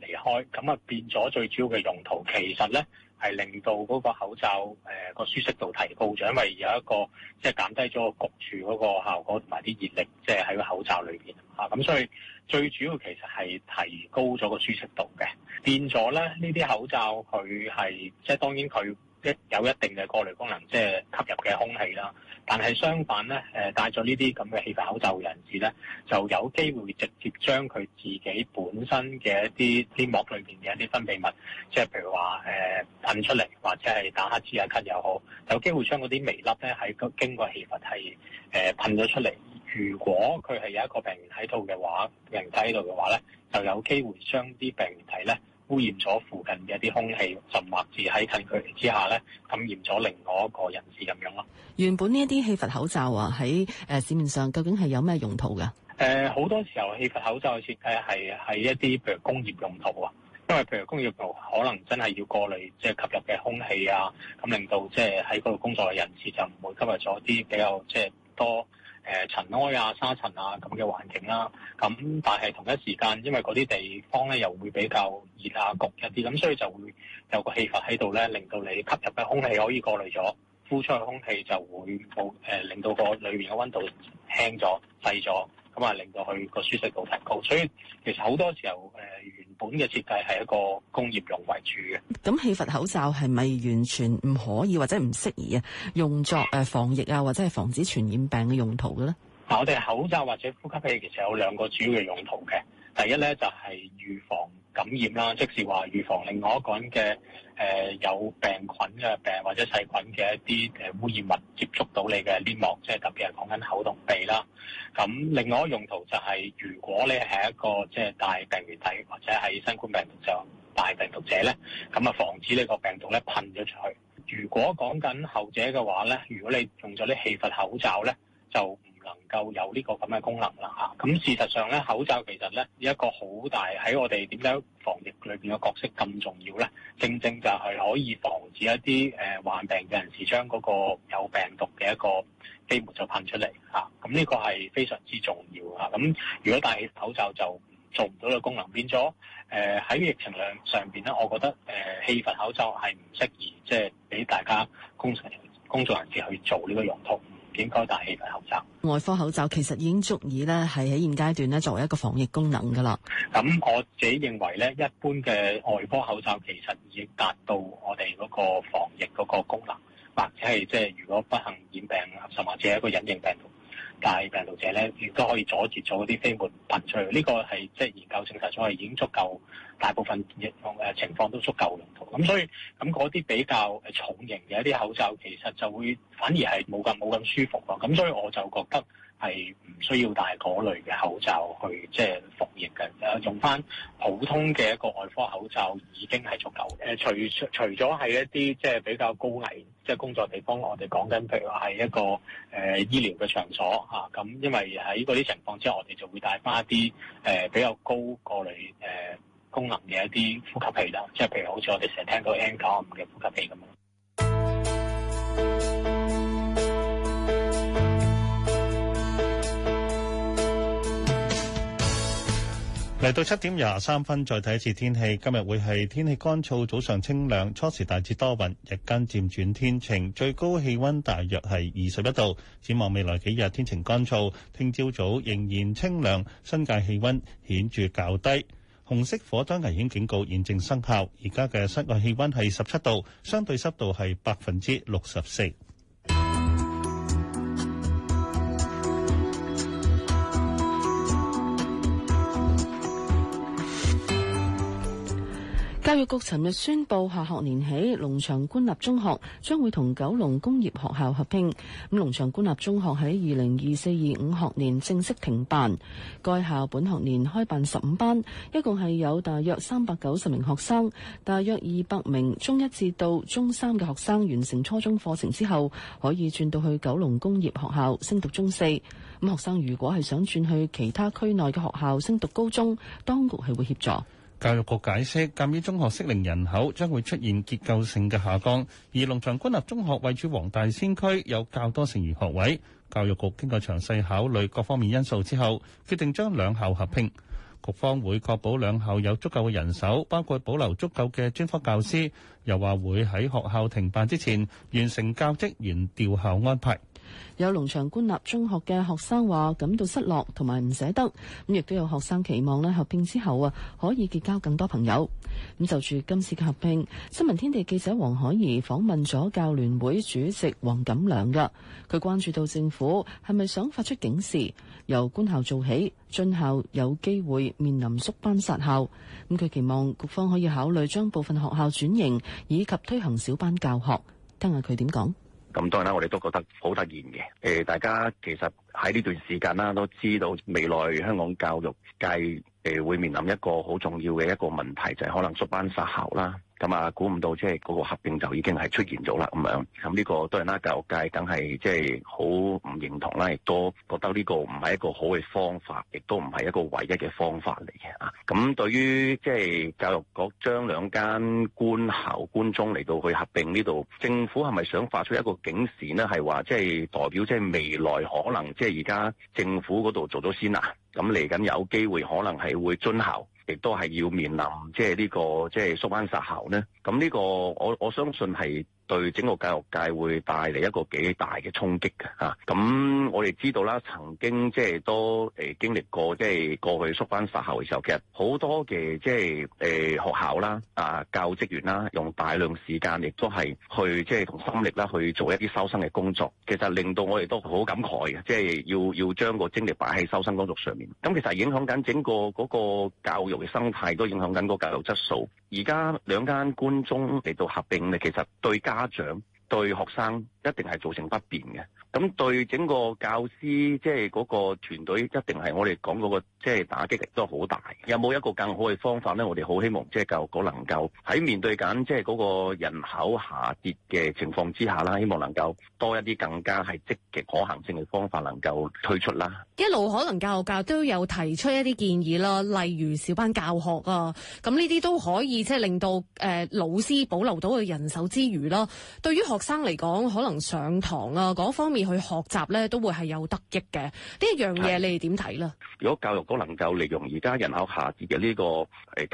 離開。咁啊變咗最主要嘅用途其實咧。係令到嗰個口罩誒個舒適度提高咗，因為有一個即係、就是、減低咗個焗住嗰個效果同埋啲熱力，即係喺個口罩裏邊嚇。咁、啊、所以最主要其實係提高咗個舒適度嘅，變咗咧呢啲口罩佢係即係當然佢。一有一定嘅過濾功能，即係吸入嘅空氣啦。但係相反咧，誒帶咗呢啲咁嘅氣化口罩人士咧，就有機會直接將佢自己本身嘅一啲啲膜裏邊嘅一啲分泌物，即係譬如話誒噴出嚟，或者係打黑嚏啊咳又好，有機會將嗰啲微粒咧喺經過氣墊係誒噴咗出嚟。如果佢係有一個病原喺度嘅話，病態喺度嘅話咧，就有機會將啲病原體咧。污染咗附近嘅一啲空氣，甚至喺近距離之下咧感染咗另外一個人士咁樣咯。原本呢一啲氣佛口罩啊，喺誒市面上究竟係有咩用途嘅？誒好多時候氣佛口罩嘅設計誒係係一啲譬如工業用途啊，因為譬如工業部可能真係要過濾即係吸入嘅空氣啊，咁令到即係喺嗰度工作嘅人士就唔會吸入咗啲比較即係多。誒、呃、塵埃啊、沙塵啊咁嘅環境啦、啊，咁但係同一時間，因為嗰啲地方咧又會比較熱啊、焗一啲，咁所以就會有個氣流喺度咧，令到你吸入嘅空氣可以過濾咗，呼出嘅空氣就會冇誒、呃，令到個裏面嘅溫度輕咗、細咗，咁啊令到佢個舒適度提高。所以其實好多時候誒。呃本嘅設計係一個工業用為主嘅。咁氣閥口罩係咪完全唔可以或者唔適宜啊？用作誒防疫啊，或者係防止傳染病嘅用途嘅咧？嗱，我哋口罩或者呼吸器其實有兩個主要嘅用途嘅。第一咧就係、是、預防。感染啦，即是話預防另外一個人嘅誒、呃、有病菌嘅病或者細菌嘅一啲誒污染物接觸到你嘅黏膜，即係特別係講緊口同鼻啦。咁另外一個用途就係、是，如果你係一個即係帶病原體或者係新冠病毒就帶病毒者咧，咁啊防止你個病毒咧噴咗出去。如果講緊後者嘅話咧，如果你用咗啲氣閥口罩咧，就。能夠有呢個咁嘅功能啦嚇，咁、啊、事實上咧，口罩其實咧一個好大喺我哋點解防疫裏邊嘅角色咁重要咧，正正就係可以防止一啲誒、呃、患病嘅人士將嗰個有病毒嘅一個飛沫就噴出嚟嚇，咁、啊、呢個係非常之重要嚇。咁、啊、如果戴口罩就做唔到呢個功能，變咗誒喺疫情量上邊咧，我覺得誒、呃、氣閥口罩係唔適宜即係俾大家工程工作人士去做呢個用途。應該戴氣密口罩。外科口罩其實已經足以咧，係喺現階段咧作為一個防疫功能嘅啦。咁、嗯、我自己認為咧，一般嘅外科口罩其實已經達到我哋嗰個防疫嗰個功能，或者係即係如果不幸染病，甚至係一個隱形病毒。帶病毒者咧，亦都可以阻截咗啲飛沫噴出嚟。呢、這個係即係研究證實咗係已經足夠，大部分疫況誒情況都足夠嘅。咁所以咁嗰啲比較誒重型嘅一啲口罩，其實就會反而係冇咁冇咁舒服咯。咁所以我就覺得。係唔需要戴嗰類嘅口罩去即係防疫嘅，誒、就是、用翻普通嘅一個外科口罩已經係足夠嘅。除除咗係一啲即係比較高危即係、就是、工作地方，我哋講緊譬如話係一個誒、呃、醫療嘅場所嚇，咁、啊、因為喺嗰啲情況之下，我哋就會戴翻一啲誒、呃、比較高過濾誒功能嘅一啲呼吸器啦、啊。即係譬如好似我哋成日聽到 N 九五嘅呼吸器咁。嚟到七點廿三分，再睇一次天氣。今日會係天氣乾燥，早上清涼，初時大致多雲，日間漸轉天晴，最高氣温大約係二十一度。展望未來幾日，天晴乾燥，聽朝早仍然清涼，新界氣温顯著較低。紅色火災危險警告現正生效。而家嘅室外氣温係十七度，相對濕度係百分之六十四。教育局尋日宣布，下學年起，龍翔官立中學將會同九龍工業學校合併。咁龍翔官立中學喺二零二四二五學年正式停辦，該校本學年開辦十五班，一共係有大約三百九十名學生。大約二百名中一至到中三嘅學生完成初中課程之後，可以轉到去九龍工業學校升讀中四。咁學生如果係想轉去其他區內嘅學校升讀高中，當局係會協助。教育局解釋，鑑於中學適齡人口將會出現結構性嘅下降，而龍翔官立中學位於黃大仙區，有較多剩餘學位。教育局經過詳細考慮各方面因素之後，決定將兩校合併。局方會確保兩校有足夠嘅人手，包括保留足夠嘅專科教師，又話會喺學校停辦之前完成教職員調校安排。有龍翔官立中學嘅學生話感到失落同埋唔捨得，咁亦都有學生期望咧合併之後啊可以結交更多朋友。咁就住今次嘅合併，新聞天地記者黃海怡訪問咗教聯會主席黃錦良。噶，佢關注到政府係咪想發出警示，由官校做起，進校有機會面臨縮班殺校。咁佢期望局方可以考慮將部分學校轉型以及推行小班教學。聽下佢點講。咁當然啦，我哋都覺得好突然嘅。誒，大家其實喺呢段時間啦，都知道未來香港教育界誒會面臨一個好重要嘅一個問題，就係可能縮班殺校啦。咁啊，估唔到即係嗰個合併就已經係出現咗啦，咁樣。咁呢個都係啦，教育界梗係即係好唔認同啦，亦都覺得呢個唔係一個好嘅方法，亦都唔係一個唯一嘅方法嚟嘅啊。咁對於即係教育局將兩間官校官中嚟到去合併呢度，政府係咪想發出一個警示呢？係話即係代表即係未來可能即係而家政府嗰度做咗先啊，咁嚟緊有機會可能係會遵效。亦都係要面臨，即係呢個，即係縮灣失效咧。咁呢個我，我我相信係。對整個教育界會帶嚟一個幾大嘅衝擊嘅嚇，咁、啊、我哋知道啦，曾經即係都誒、呃、經歷過即係、就是、過去縮班殺校嘅時候，其實好多嘅即係誒學校啦、啊教職員啦，用大量時間亦都係去即係同心力啦去做一啲收生嘅工作，其實令到我哋都好感慨嘅，即、就、係、是、要要將個精力擺喺收生工作上面。咁、嗯、其實影響緊整個嗰個教育嘅生態，都影響緊個教育質素。而家兩間官中嚟到合併咧，其實對家長。對學生一定係造成不便嘅，咁對整個教師即係嗰個團隊一定係我哋講嗰個即係、就是、打擊力都好大。有冇一個更好嘅方法咧？我哋好希望即係、就是、教育局能夠喺面對緊即係嗰個人口下跌嘅情況之下啦，希望能夠多一啲更加係積極可行性嘅方法能夠推出啦。一路可能教育界都有提出一啲建議啦，例如小班教學啊，咁呢啲都可以即係、就是、令到誒、呃、老師保留到佢人手之餘啦。對於學。學生嚟講，可能上堂啊嗰方面去學習咧，都會係有得益嘅。是呢一樣嘢，你哋點睇咧？如果教育局能夠利用而家人口下跌嘅呢個誒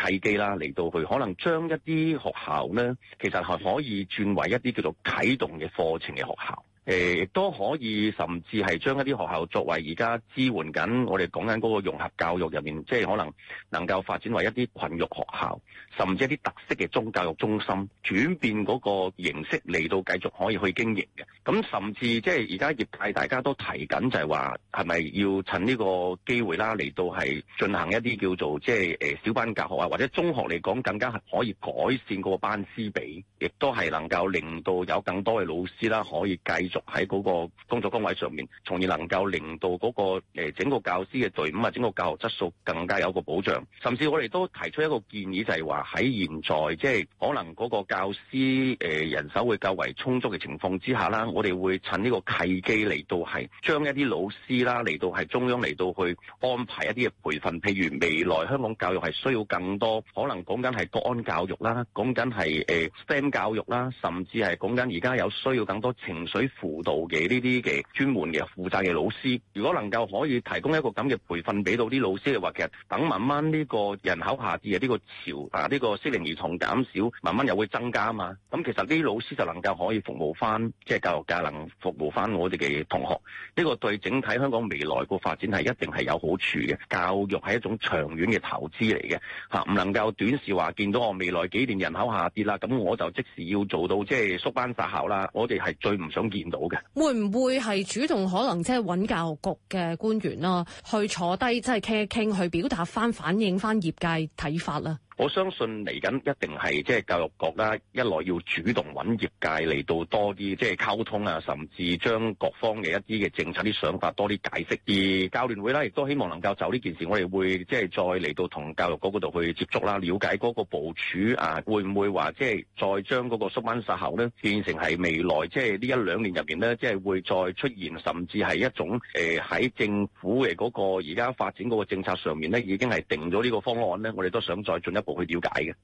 契機啦，嚟到去可能將一啲學校咧，其實係可以轉為一啲叫做啟動嘅課程嘅學校。誒都可以，甚至係將一啲學校作為而家支援緊我哋講緊嗰個融合教育入面，即係可能能夠發展為一啲群育學校，甚至一啲特色嘅中教育中心，轉變嗰個形式嚟到繼續可以去經營嘅。咁甚至即係而家業界大，大家都提緊就係話係咪要趁呢個機會啦，嚟到係進行一啲叫做即係誒小班教學啊，或者中學嚟講更加係可以改善嗰個班師比，亦都係能夠令到有更多嘅老師啦，可以繼續。喺嗰個工作崗位上面，從而能夠令到嗰個誒整個教師嘅隊伍啊整個教學質素更加有個保障。甚至我哋都提出一個建議，就係話喺現在即係、就是、可能嗰個教師誒人手會較為充足嘅情況之下啦，我哋會趁呢個契機嚟到係將一啲老師啦嚟到係中央嚟到去安排一啲嘅培訓，譬如未來香港教育係需要更多可能講緊，係國安教育啦，講緊，係誒 STEM 教育啦，甚至係講緊而家有需要更多情緒。輔導嘅呢啲嘅專門嘅負責嘅老師，如果能夠可以提供一個咁嘅培訓俾到啲老師嘅話，其實等慢慢呢個人口下跌嘅呢個潮啊，呢個適齡兒童減少，慢慢又會增加啊嘛。咁其實呢啲老師就能夠可以服務翻，即係教育界能服務翻我哋嘅同學，呢個對整體香港未來個發展係一定係有好處嘅。教育係一種長遠嘅投資嚟嘅，嚇唔能夠短視話見到我未來幾年人口下跌啦，咁我就即時要做到即係縮班殺校啦。我哋係最唔想見。到嘅，會唔會係主動可能即係揾教育局嘅官員啦，去坐低即係傾一傾，去表達翻、反映翻業界睇法啦。我相信嚟緊一定係即係教育局啦，一來要主動揾業界嚟到多啲即係溝通啊，甚至將各方嘅一啲嘅政策啲想法多啲解釋。而教聯會啦，亦都希望能夠就呢件事，我哋會即係再嚟到同教育局嗰度去接觸啦，了解嗰個部署啊，會唔會話即係再將嗰個縮班實校咧變成係未來即係呢一兩年入邊咧，即係會再出現，甚至係一種誒喺政府嘅嗰個而家發展嗰個政策上面咧，已經係定咗呢個方案咧，我哋都想再進一步。我去了解嘅。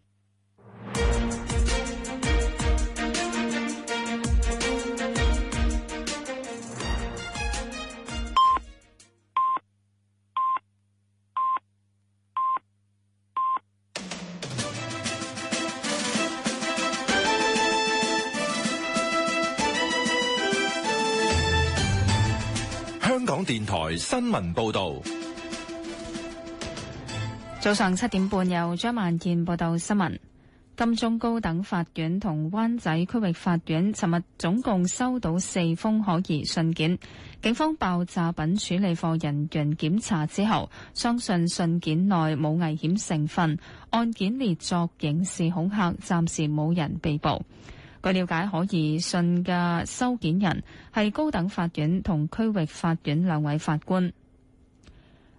香港電台新聞報道。早上七點半又，由張曼健報道新聞。金鐘高等法院同灣仔區域法院，尋日總共收到四封可疑信件。警方爆炸品處理課人員檢查之後，相信信件內冇危險成分。案件列作刑事恐嚇，暫時冇人被捕。據了解，可疑信嘅收件人係高等法院同區域法院兩位法官。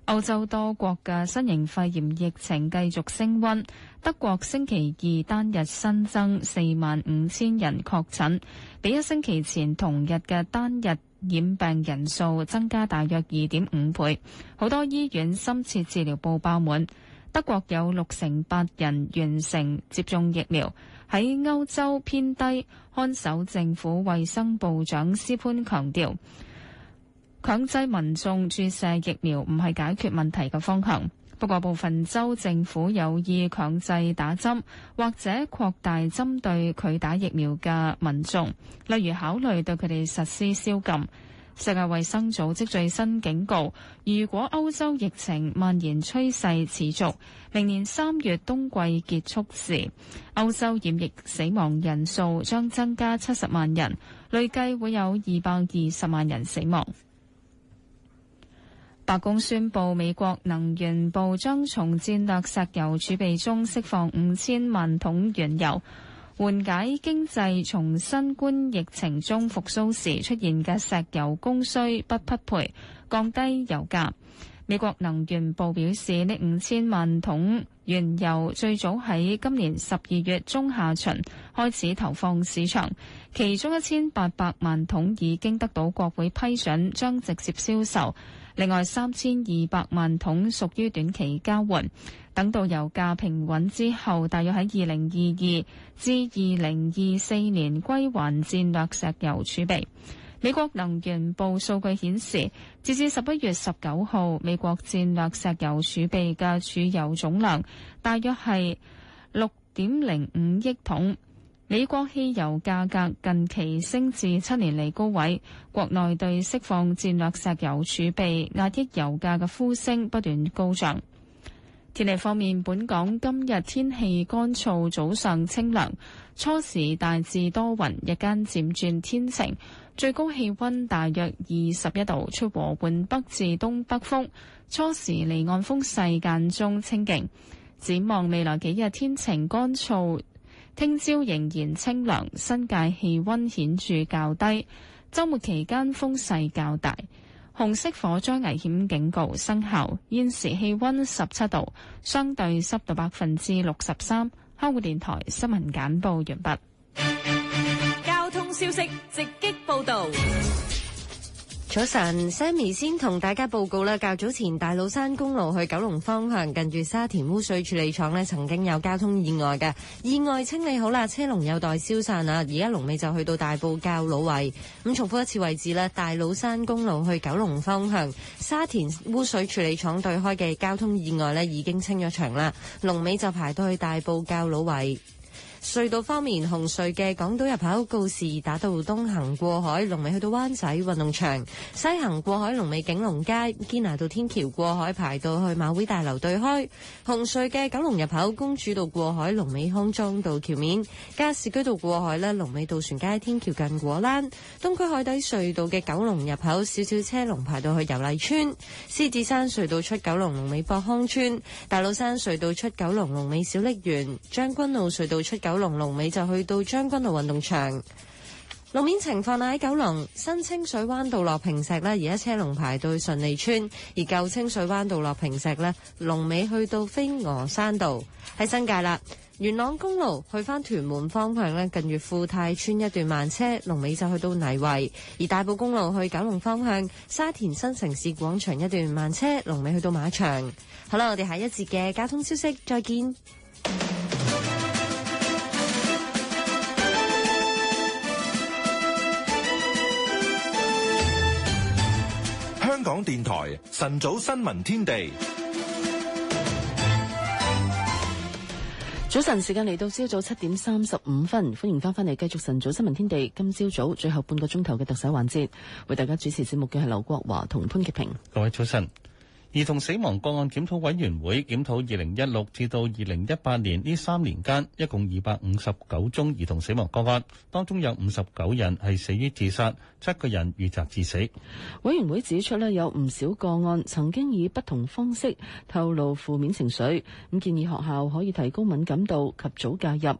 歐洲多國嘅新型肺炎疫情繼續升溫，德國星期二單日新增四萬五千人確診，比一星期前同日嘅單日染病人數增加大約二點五倍，好多醫院深切治療部爆滿。德國有六成八人完成接種疫苗，喺歐洲偏低。看守政府衛生部長施潘強調。強制民眾注射疫苗唔係解決問題嘅方向。不過，部分州政府有意強制打針，或者擴大針對佢打疫苗嘅民眾，例如考慮對佢哋實施宵禁。世界衛生組織最新警告：如果歐洲疫情蔓延趨勢持續，明年三月冬季結束時，歐洲染疫死亡人數將增加七十萬人，累計會有二百二十萬人死亡。白宮宣布，美國能源部將從戰略石油儲備中釋放五千萬桶原油，緩解經濟從新冠疫情中復蘇時出現嘅石油供需不匹配，降低油價。美國能源部表示，呢五千萬桶原油最早喺今年十二月中下旬開始投放市場，其中一千八百萬桶已經得到國會批准，將直接銷售；另外三千二百萬桶屬於短期交換，等到油價平穩之後，大約喺二零二二至二零二四年歸還戰略石油儲備。美國能源部數據顯示，截至十一月十九號，美國戰略石油儲備嘅儲油總量大約係六點零五億桶。美國汽油價格近期升至七年嚟高位，國內對釋放戰略石油儲備、壓抑油價嘅呼聲不斷高漲。天氣方面，本港今日天氣乾燥，早上清涼，初時大致多雲，日間漸轉天晴。最高氣温大約二十一度，出和緩北至東北風，初時離岸風勢間中清勁。展望未來幾日天晴乾燥，聽朝仍然清涼，新界氣温顯著較低。周末期間風勢較大，紅色火災危險警告生效。現時氣温十七度，相對濕度百分之六十三。香港電台新聞簡報完畢。消息直擊報道。早晨，Sammy 先同大家報告啦。較早前大老山公路去九龍方向，近住沙田污水處理廠咧，曾經有交通意外嘅。意外清理好啦，車龍有待消散啊。而家龍尾就去到大埔滘老圍。咁重複一次位置啦，大老山公路去九龍方向沙田污水處理廠對開嘅交通意外咧，已經清咗場啦。龍尾就排到去大埔滘老圍。隧道方面，紅隧嘅港島入口告士打道東行過海，龍尾去到灣仔運動場；西行過海，龍尾景隆街堅拿道天橋過海，排到去馬會大樓對開。紅隧嘅九龍入口公主道過海，龍尾康莊道橋面；加士居道過海咧，龍尾渡船街天橋近果欄。東區海底隧道嘅九龍入口，少少車龍排到去油麗村；獅子山隧道出九龍龍尾博康村；大老山隧道出九龍龍尾小瀝源；將軍澳隧道出九龍。九龍龍尾就去到將軍澳運動場，路面情況喺九龍新清水灣道落坪石咧，而家車龍排到順利邨；而舊清水灣道落坪石咧，龍尾去到飛鵝山道喺新界啦。元朗公路去翻屯門方向咧，近月富泰邨一段慢車，龍尾就去到泥圍；而大埔公路去九龍方向，沙田新城市廣場一段慢車，龍尾去到馬場。好啦，我哋下一節嘅交通消息，再見。港電台晨早新聞天地，早晨時間嚟到朝早七點三十五分，歡迎翻返嚟繼續晨早新聞天地。今朝早，早最後半個鐘頭嘅特首環節，為大家主持節目嘅係劉國華同潘潔平。各位早晨。兒童死亡個案檢討委員會檢討二零一六至到二零一八年呢三年間，一共二百五十九宗兒童死亡個案，當中有五十九人係死於自殺，七個人遇襲致死。委員會指出咧，有唔少個案曾經以不同方式透露負面情緒，咁建議學校可以提高敏感度及早介入。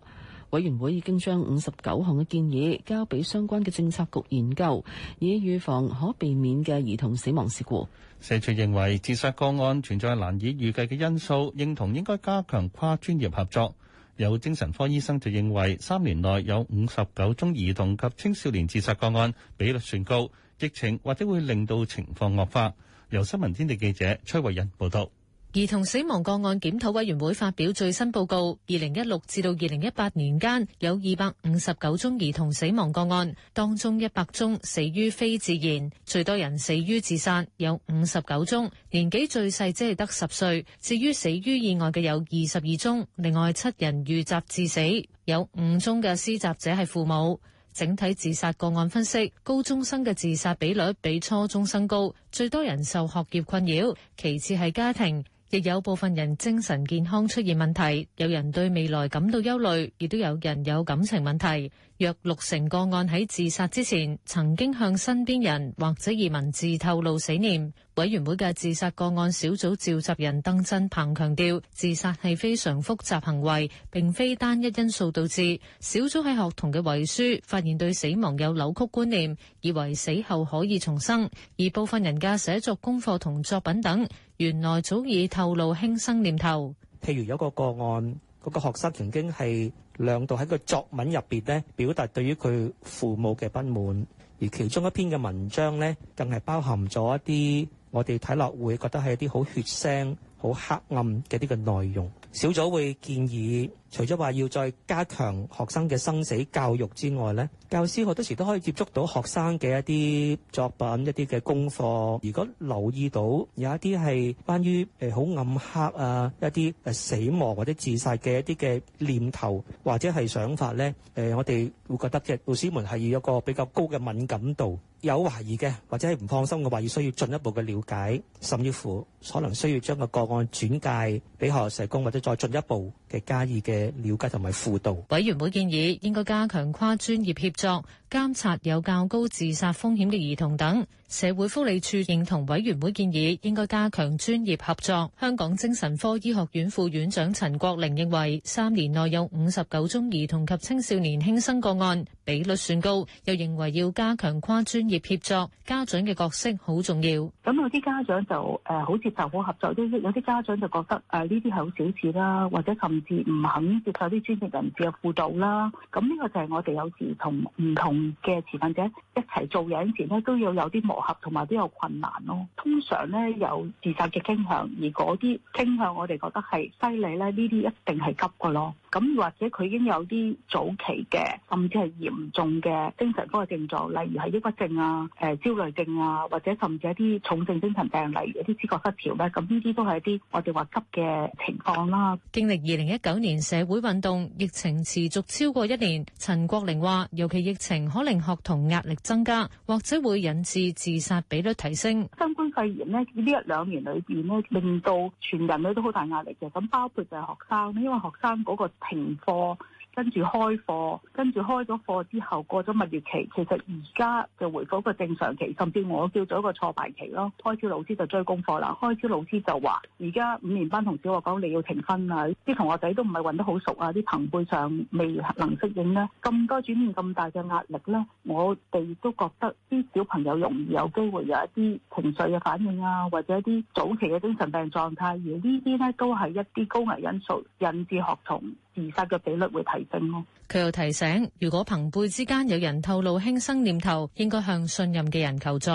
委員會已經將五十九項嘅建議交俾相關嘅政策局研究，以預防可避免嘅兒童死亡事故。社署認為自殺個案存在難以預計嘅因素，認同應該加強跨專業合作。有精神科醫生就認為，三年內有五十九宗兒童及青少年自殺個案，比率算高。疫情或者會令到情況惡化。由新聞天地記者崔慧欣報道。兒童死亡個案檢討委員會發表最新報告，二零一六至到二零一八年間有二百五十九宗兒童死亡個案，當中一百宗死於非自然，最多人死於自殺，有五十九宗，年紀最細只係得十歲。至於死於意外嘅有二十二宗，另外七人遇襲致死，有五宗嘅施襲者係父母。整體自殺個案分析，高中生嘅自殺比率比初中生高，最多人受學業困擾，其次係家庭。亦有部分人精神健康出現問題，有人對未來感到憂慮，亦都有人有感情問題。約六成個案喺自殺之前，曾經向身邊人或者移民自透露死念。委員會嘅自殺個案小組召集人鄧振鵬強調，自殺係非常複雜行為，並非單一因素導致。小組喺學童嘅遺書發現對死亡有扭曲觀念，以為死後可以重生，而部分人嘅寫作功課同作品等，原來早已透露輕生念頭。譬如有個個案。嗰個學生曾經係兩度喺個作文入邊咧，表達對於佢父母嘅不滿，而其中一篇嘅文章咧，更係包含咗一啲我哋睇落會覺得係一啲好血腥，好黑暗嘅啲嘅內容，小組會建議，除咗話要再加強學生嘅生死教育之外咧，教師好多時都可以接觸到學生嘅一啲作品、一啲嘅功課。如果留意到有一啲係關於誒好暗黑啊、一啲誒死亡或者自殺嘅一啲嘅念頭或者係想法咧，誒我哋會覺得嘅老師們係要有個比較高嘅敏感度，有懷疑嘅或者係唔放心嘅話，要需要進一步嘅瞭解，甚至乎可能需要將個個案。轉介俾學校社工，或者再進一步嘅加以嘅了解同埋輔導。委員會建議應該加強跨專業協作，監察有較高自殺風險嘅兒童等。社會福利處認同委員會建議，應該加強專業合作。香港精神科醫學院副院長陳國玲認為，三年內有五十九宗兒童及青少年輕生個案，比率算高。又認為要加強跨專業協作，家長嘅角色好重要。咁有啲家長就誒、呃、好接受、好合作，有啲家長就覺得誒呢啲係好小事啦，或者甚至唔肯接受啲專業人士嘅輔導啦。咁呢個就係我哋有時同唔同嘅持份者一齊做嘢以前咧，都要有啲。磨合同埋都有比較困難咯。通常咧有自殺嘅傾向，而嗰啲傾向我哋覺得係犀利咧，呢啲一定係急噶咯。咁或者佢已經有啲早期嘅，甚至係嚴重嘅精神科嘅症狀，例如係抑鬱症啊、誒焦慮症啊，或者甚至係啲重症精神病，例如一啲知覺失調咧。咁呢啲都係一啲我哋話急嘅情況啦。經歷二零一九年社會運動，疫情持續超過一年，陳國寧話，尤其疫情可能學童壓力增加，或者會引致自殺比率提升。新冠肺炎咧呢一兩年裏邊咧，令到全人類都好大壓力嘅。咁包括就係學生，因為學生嗰個。停課跟住開課，跟住開咗課之後過咗蜜月期，其實而家就回復個正常期，甚至我叫咗個挫敗期咯。開超老師就追功課啦，開超老師就話而家五年班同小學講你要停分啊，啲同學仔都唔係混得好熟啊，啲朋輩上未能適應咧，咁多轉變咁大嘅壓力咧，我哋都覺得啲小朋友容易有機會有一啲情緒嘅反應啊，或者一啲早期嘅精神病狀態，而呢啲咧都係一啲高危因素引致學童。自殺嘅比率會提升咯。佢又提醒，如果朋輩之間有人透露輕生念頭，應該向信任嘅人求助。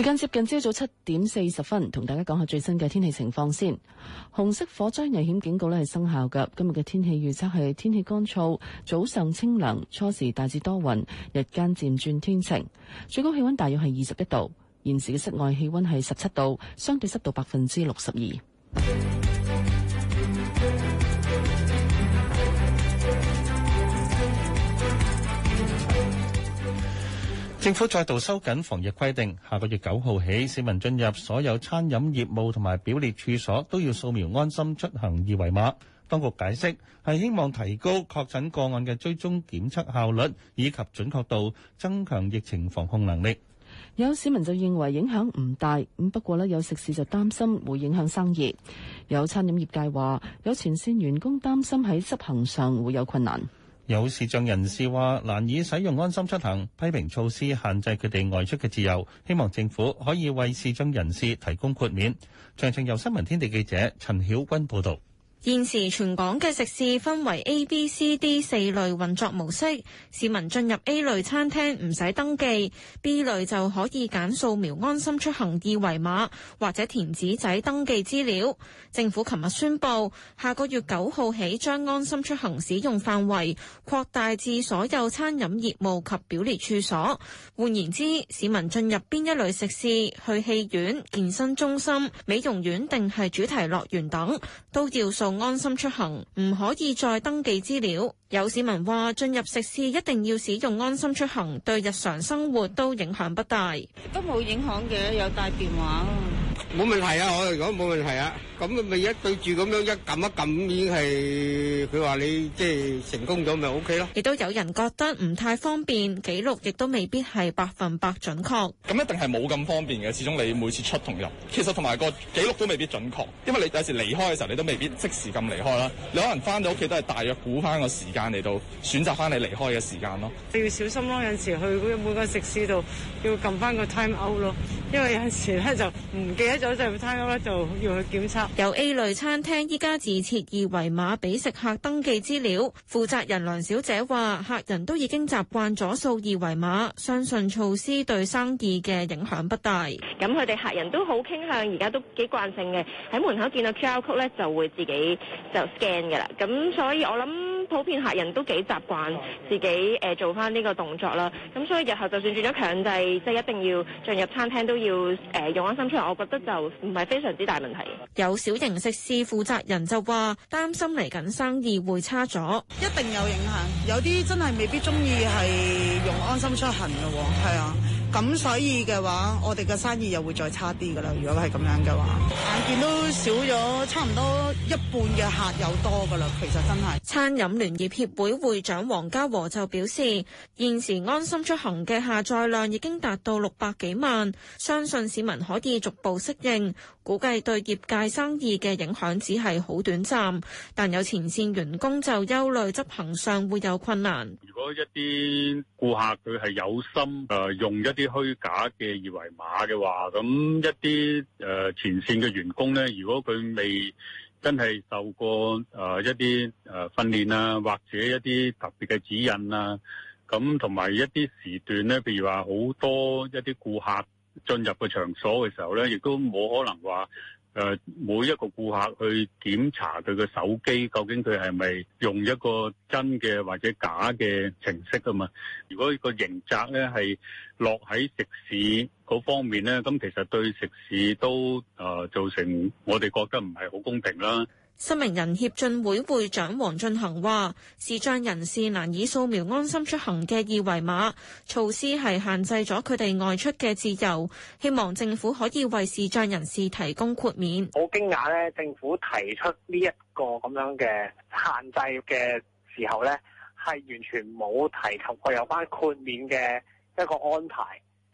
時間接近朝早七點四十分，同大家講下最新嘅天氣情況先。紅色火災危險警告咧係生效㗎。今日嘅天氣預測係天氣乾燥，早上清涼，初時大致多雲，日間漸轉天晴，最高氣溫大約係二十一度。現時嘅室外氣溫係十七度，相對濕度百分之六十二。政府再度收緊防疫規定，下個月九號起，市民進入所有餐飲業務同埋表列處所都要掃描安心出行二維碼。當局解釋，係希望提高確診個案嘅追蹤檢測效率以及準確度，增強疫情防控能力。有市民就認為影響唔大，咁不過咧有食肆就擔心會影響生意。有餐飲業界話，有前線員工擔心喺執行上會有困難。有視障人士話難以使用安心出行，批評措施限制佢哋外出嘅自由，希望政府可以為視障人士提供豁免。詳情由新聞天地記者陳曉君報道。現時全港嘅食肆分為 A、B、C、D 四類運作模式，市民進入 A 類餐廳唔使登記，B 類就可以揀掃描安心出行二維碼或者填紙仔登記資料。政府琴日宣布，下個月九號起將安心出行使用範圍擴大至所有餐飲業務及表列處所。換言之，市民進入邊一類食肆，去戲院、健身中心、美容院定係主題樂園等，都要掃。安心出行，唔可以再登記資料。有市民話：進入食肆一定要使用安心出行，對日常生活都影響不大。都冇影響嘅，有帶電話。冇問題啊，我嚟講冇問題啊。咁咪一對住咁樣一撳一撳，已經係佢話你即係、就是、成功咗，咪 O K 咯。亦都有人覺得唔太方便，記錄亦都未必係百分百準確。咁一定係冇咁方便嘅，始終你每次出同入，其實同埋個記錄都未必準確，因為你有時離開嘅時候，你都未必即時咁離開啦。有可能翻到屋企都係大約估翻個時間。間嚟到選擇翻你離開嘅時間咯。你要小心咯，有時去每個食肆度要撳翻個 time out 咯，因為有時咧就唔記得咗就 time out 咧就要去檢測。由 A 類餐廳依家自設二維碼俾食客登記資料，負責人梁小姐話：客人都已經習慣咗掃二維碼，相信措施對生意嘅影響不大。咁佢哋客人都好傾向，而家都幾慣性嘅，喺門口見到 QR Code 咧就會自己就 scan 嘅啦。咁所以我諗普遍客。人都幾習慣自己誒、呃、做返呢個動作啦，咁、啊、所以日後就算轉咗強制，即、就、係、是、一定要進入餐廳都要誒、呃、用安心出行，我覺得就唔係非常之大問題。有小型食肆負責人就話擔心嚟緊生意會差咗，一定有影響，有啲真係未必鍾意係用安心出行嘅喎，係啊。咁所以嘅話，我哋嘅生意又會再差啲㗎喇。如果係咁樣嘅話，眼見都少咗差唔多一半嘅客，有多㗎喇。其實真係。餐飲聯業協會會長黃家和就表示，現時安心出行嘅下載量已經達到六百幾萬，相信市民可以逐步適應。估計對業界生意嘅影響只係好短暫，但有前綫員工就憂慮執行上會有困難。如果一啲顧客佢係有心，誒用一啲虛假嘅二維碼嘅話，咁一啲誒前綫嘅員工咧，如果佢未真係受過誒一啲誒訓練啊，或者一啲特別嘅指引啊，咁同埋一啲時段咧，譬如話好多一啲顧客。進入個場所嘅時候咧，亦都冇可能話誒、呃、每一個顧客去檢查佢嘅手機究竟佢係咪用一個真嘅或者假嘅程式啊嘛？如果個刑責咧係落喺食肆嗰方面咧，咁、嗯、其實對食肆都誒、呃、造成我哋覺得唔係好公平啦。失明人協進會會長黃俊衡話，視障人士難以掃描安心出行嘅二維碼措施係限制咗佢哋外出嘅自由，希望政府可以為視障人士提供豁免。好驚訝咧！政府提出呢一個咁樣嘅限制嘅時候咧，係完全冇提及過有關豁免嘅一個安排，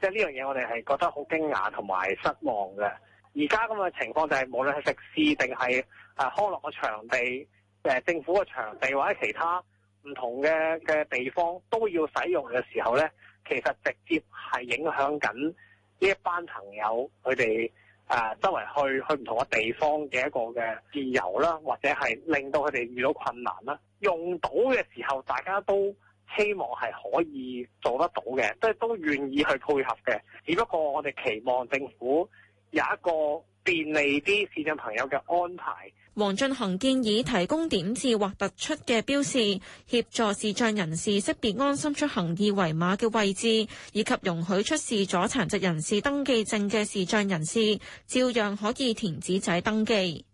即係呢樣嘢我哋係覺得好驚訝同埋失望嘅。而家咁嘅情況就係無論係食肆定係，啊康樂嘅場地，誒、呃、政府嘅場地或者其他唔同嘅嘅地方都要使用嘅時候呢，其實直接係影響緊呢一班朋友佢哋啊周圍去去唔同嘅地方嘅一個嘅自由啦，或者係令到佢哋遇到困難啦。用到嘅時候，大家都希望係可以做得到嘅，都係都願意去配合嘅。只不過我哋期望政府有一個便利啲市鎮朋友嘅安排。黃俊恒建議提供點字或突出嘅標示，協助視障人士識別安心出行二維碼嘅位置，以及容許出示咗殘疾人士登記證嘅視障人士照樣可以填紙仔登記。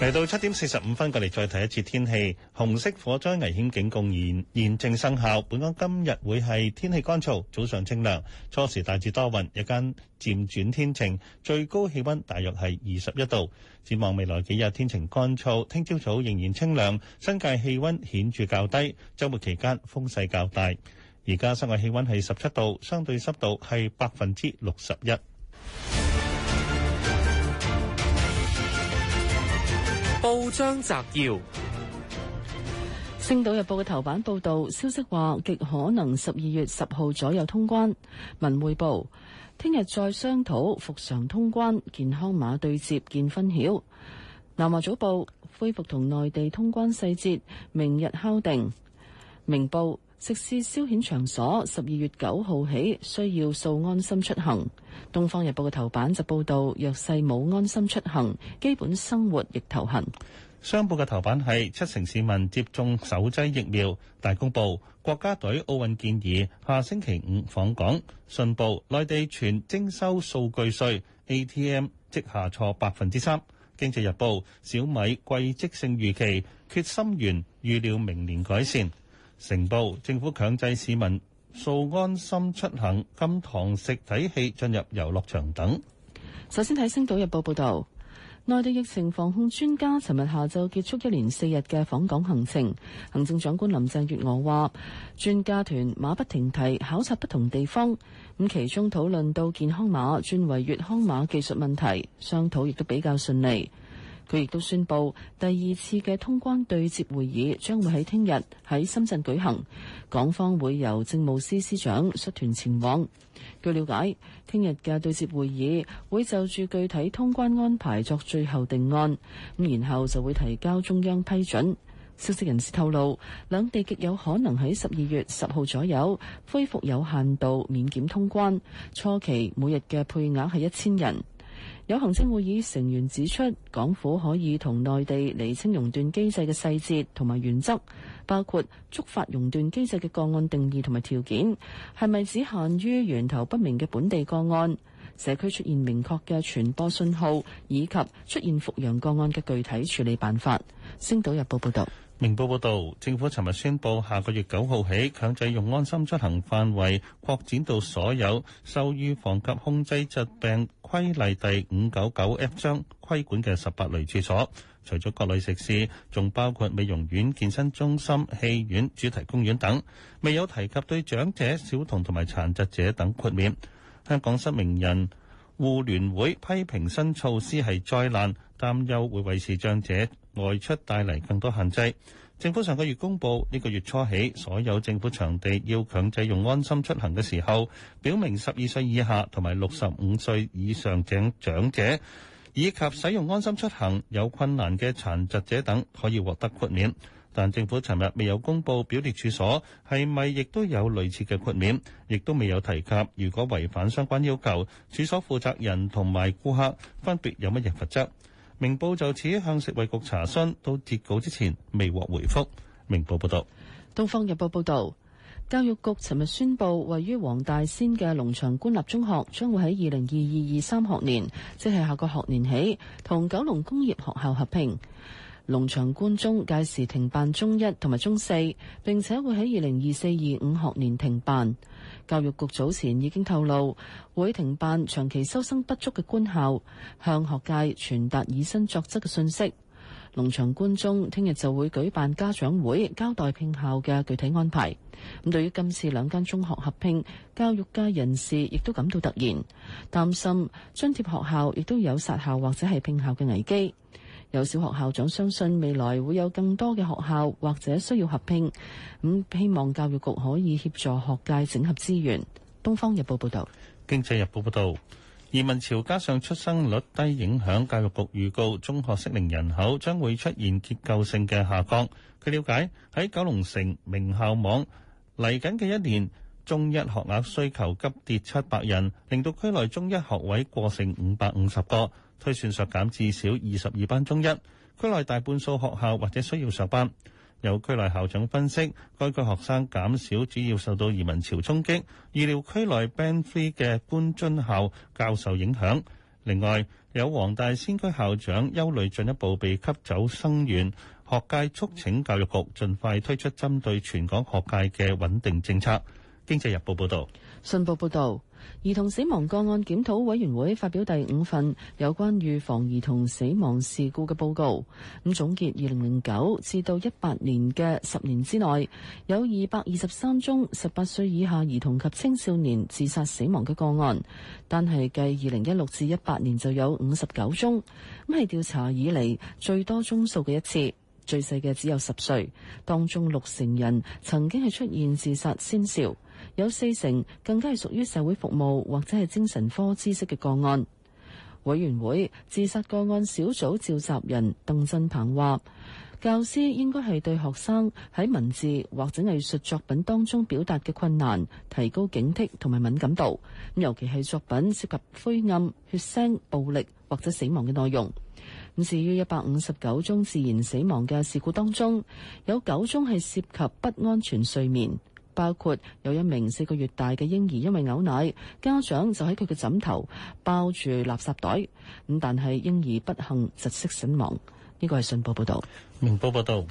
嚟到七點四十五分，過嚟再睇一次天氣。紅色火災危險警告言現正生效。本港今日會係天氣乾燥，早上清涼，初時大致多雲，日間漸轉天晴，最高氣溫大約係二十一度。展望未來幾日天晴乾燥，聽朝早仍然清涼，新界氣溫顯著較低。周末期間風勢較大。而家室外氣溫係十七度，相對濕度係百分之六十一。報章摘要：星島日報嘅頭版報道，消息話極可能十二月十號左右通關。文匯報：聽日再商討復常通關、健康碼對接見分曉。南華早報：恢復同內地通關細節明日敲定。明報食肆消遣場所十二月九號起需要數安心出行。東方日報嘅頭版就報道：若弱勢冇安心出行，基本生活亦頭痕。商報嘅頭版係七成市民接種首劑疫苗大公報。國家隊奧運建議下星期五訪港。信報內地全徵收數據稅。ATM 即下挫百分之三。經濟日報小米季績勝預期，決心源：預料明年改善。城報政府強制市民掃安心出行，金堂食底器進入遊樂場等。首先睇《星島日報》報道，內地疫情防控專家尋日下晝結束一連四日嘅訪港行程。行政長官林鄭月娥話專家團馬不停蹄考察不同地方，咁其中討論到健康碼轉為粵康碼技術問題，商討亦都比較順利。佢亦都宣佈，第二次嘅通關對接會議將會喺聽日喺深圳舉行，港方會由政務司司長率團前往。據了解，聽日嘅對接會議會就住具體通關安排作最後定案，咁然後就會提交中央批准。消息人士透露，兩地極有可能喺十二月十號左右恢復有限度免檢通關，初期每日嘅配額係一千人。有行政會議成員指出，港府可以同內地釐清熔斷機制嘅細節同埋原則，包括觸發熔斷機制嘅個案定義同埋條件，係咪只限於源頭不明嘅本地個案、社區出現明確嘅傳播信號，以及出現復陽個案嘅具體處理辦法。星島日報報道。明報報導，政府尋日宣布，下個月九號起強制用安心出行範圍擴展到所有受預防及控制疾病規例第五九九 F 章規管嘅十八類處所，除咗各類食肆，仲包括美容院、健身中心、戲院、主題公園等。未有提及對長者、小童同埋殘疾者等豁免。香港失明人互聯會批評新措施係災難。擔憂會為視障者外出帶嚟更多限制。政府上個月公布呢個月初起，所有政府場地要強制用安心出行嘅時候，表明十二歲以下同埋六十五歲以上嘅長者以及使用安心出行有困難嘅殘疾者等可以獲得豁免。但政府尋日未有公布表列處所係咪亦都有類似嘅豁免，亦都未有提及如果違反相關要求，處所負責人同埋顧客分別有乜嘢罰則。明報就此向食衛局查詢，到截稿之前未獲回復。明報報道，東方日報報道，教育局尋日宣布，位於黃大仙嘅龍翔官立中學將會喺二零二二二三學年，即係下個學年起，同九龍工業學校合併。龍翔官中屆時停辦中一同埋中四，並且會喺二零二四二五學年停辦。教育局早前已經透露會停辦長期收生不足嘅官校，向學界傳達以身作則嘅訊息。龍翔官中聽日就會舉辦家長會，交代併校嘅具體安排。咁對於今次兩間中學合併，教育界人士亦都感到突然，擔心津貼學校亦都有殺校或者係併校嘅危機。有小學校長相信未來會有更多嘅學校或者需要合併，咁希望教育局可以協助學界整合資源。《東方日報》報導，《經濟日報》報導，移民潮加上出生率低影響，教育局預告中學適齡人口將會出現結構性嘅下降。據了解喺九龍城名校網嚟緊嘅一年，中一學額需求急跌七百人，令到區內中一學位過剩五百五十個。推算削減至少二十二班中一，區內大半數學校或者需要削班。有區內校長分析，該區學生減少主要受到移民潮衝擊，預料區內 Band Three 嘅官津校較受影響。另外，有黃大仙區校長憂慮進一步被吸走生源，學界促請教育局盡快推出針對全港學界嘅穩定政策。經濟日報報道。信報報導。兒童死亡個案檢討委員會發表第五份有關預防兒童死亡事故嘅報告，咁總結二零零九至到一八年嘅十年之內，有二百二十三宗十八歲以下兒童及青少年自殺死亡嘅個案，但係計二零一六至一八年就有五十九宗，咁係調查以嚟，最多宗數嘅一次，最細嘅只有十歲，當中六成人曾經係出現自殺先兆。有四成更加係屬於社會服務或者係精神科知識嘅個案。委員會自殺個案小組召集人鄧振鵬話，教師應該係對學生喺文字或者藝術作品當中表達嘅困難提高警惕同埋敏感度，尤其係作品涉及灰暗、血腥、暴力或者死亡嘅內容。咁至於一百五十九宗自然死亡嘅事故當中，有九宗係涉及不安全睡眠。包括有一名四個月大嘅嬰兒因為嘔奶，家長就喺佢嘅枕頭包住垃圾袋，咁但係嬰兒不幸窒息死亡。呢個係信報報道，明報報道。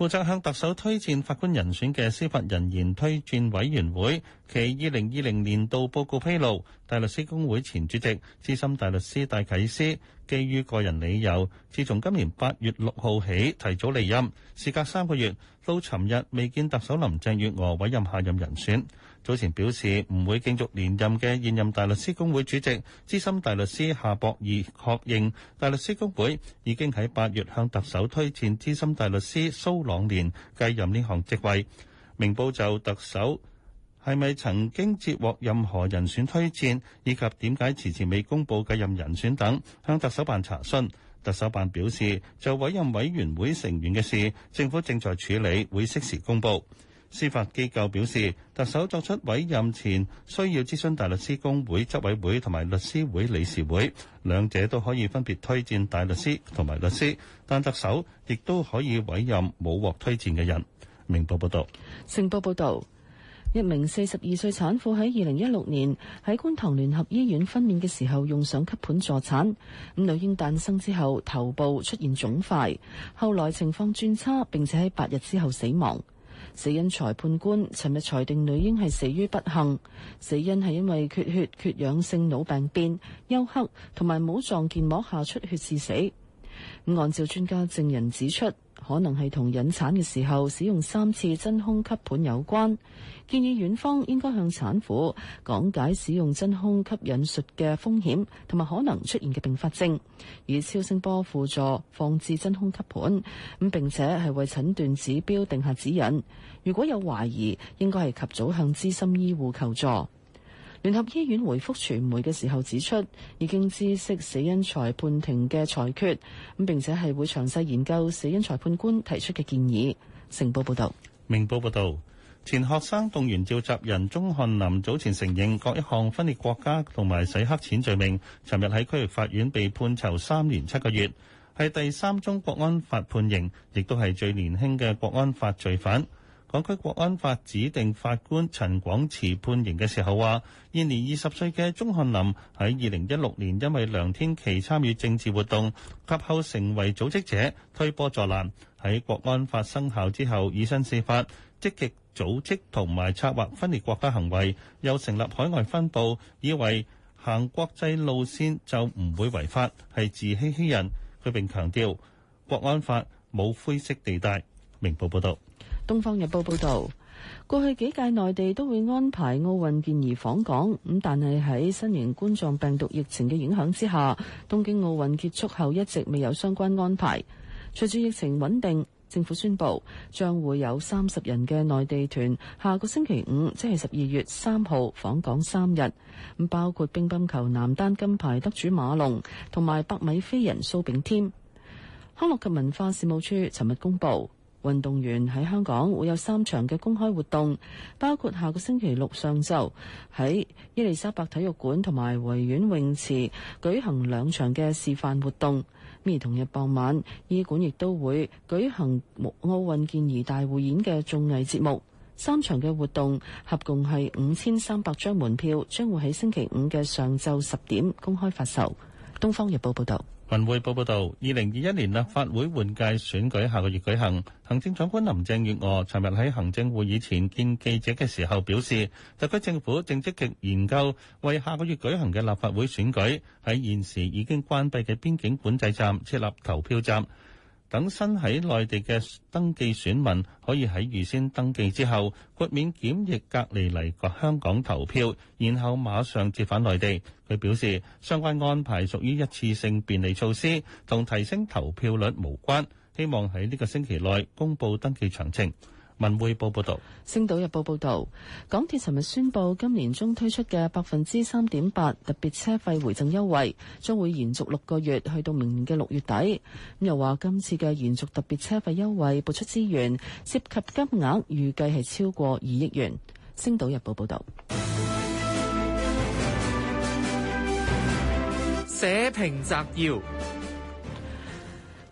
負責向特首推薦法官人選嘅司法人員推薦委員會，其二零二零年度報告披露，大律師公會前主席資深大律師戴啟思，基於個人理由，自從今年八月六號起提早離任，事隔三個月，到尋日未見特首林鄭月娥委任下任人選。早前表示唔會繼續連任嘅現任大律師公會主席資深大律師夏博義確認大律師公會已經喺八月向特首推薦資深大律師蘇朗年繼任呢項職位。明報就特首係咪曾經接獲任何人選推薦以及點解遲遲未公布繼任人選等，向特首辦查詢，特首辦表示，就委任委員會成員嘅事，政府正在處理，會適時公布。司法機構表示，特首作出委任前需要諮詢大律師公會執委會同埋律師會理事會，兩者都可以分別推薦大律師同埋律師，但特首亦都可以委任冇獲推薦嘅人。明報報道。成報報導，一名四十二歲產婦喺二零一六年喺觀塘聯合醫院分娩嘅時候用上吸盤助產，咁女嬰誕生之後頭部出現腫塊，後來情況轉差，並且喺八日之後死亡。死因裁判官尋日裁定女嬰係死於不幸，死因係因為缺血缺氧性腦病變休克同埋帽狀腱膜下出血致死。按照專家證人指出。可能係同引產嘅時候使用三次真空吸盤有關，建議院方應該向產婦講解使用真空吸引術嘅風險同埋可能出現嘅併發症，以超聲波輔助放置真空吸盤，咁並且係為診斷指標定下指引。如果有懷疑，應該係及早向資深醫護求助。聯合醫院回覆傳媒嘅時候指出，已經知悉死因裁判庭嘅裁決，咁並且係會詳細研究死因裁判官提出嘅建議。成報報導，明報報道：「前學生動員召集人鍾翰林早前承認各一項分裂國家同埋洗黑錢罪名，尋日喺區域法院被判囚三年七個月，係第三宗國安法判刑，亦都係最年輕嘅國安法罪犯。港區國安法指定法官陳廣慈判刑嘅時候話：現年二十歲嘅鍾翰林喺二零一六年因為梁天琦參與政治活動，及後成為組織者推波助瀾。喺國安法生效之後，以身試法，積極組織同埋策劃分裂國家行為，又成立海外分部，以為行國際路線就唔會違法，係自欺欺人。佢並強調國安法冇灰色地帶。明報報道。《東方日報》報導，過去幾屆內地都會安排奧運健兒訪港，咁但係喺新型冠狀病毒疫情嘅影響之下，東京奧運結束後一直未有相關安排。隨住疫情穩定，政府宣布將會有三十人嘅內地團下個星期五，即係十二月三號訪港三日，咁包括乒乓球男單金牌得主馬龍同埋百米飛人蘇炳添。康樂及文化事務處尋日公佈。運動員喺香港會有三場嘅公開活動，包括下個星期六上晝喺伊利沙伯體育館同埋維園泳池舉行兩場嘅示範活動。咁而同日傍晚，伊館亦都會舉行奧運健兒大匯演嘅綜藝節目。三場嘅活動合共係五千三百張門票，將會喺星期五嘅上晝十點公開發售。《東方日報》報導。文匯報報道，二零二一年立法會換屆選舉下個月舉行。行政長官林鄭月娥尋日喺行政會議前見記者嘅時候表示，特區政府正積極研究為下個月舉行嘅立法會選舉喺現時已經關閉嘅邊境管制站設立投票站。等新喺內地嘅登記選民可以喺預先登記之後豁免檢疫隔離嚟個香港投票，然後馬上接返內地。佢表示，相關安排屬於一次性便利措施，同提升投票率無關，希望喺呢個星期內公布登記詳情。文匯報報道，《星島日報》報道，港鐵尋日宣佈，今年中推出嘅百分之三點八特別車費回贈優惠，將會延續六個月，去到明年嘅六月底。咁又話今次嘅延續特別車費優惠撥出資源，涉及金額預計係超過二億元。《星島日報》報道。社評摘要，《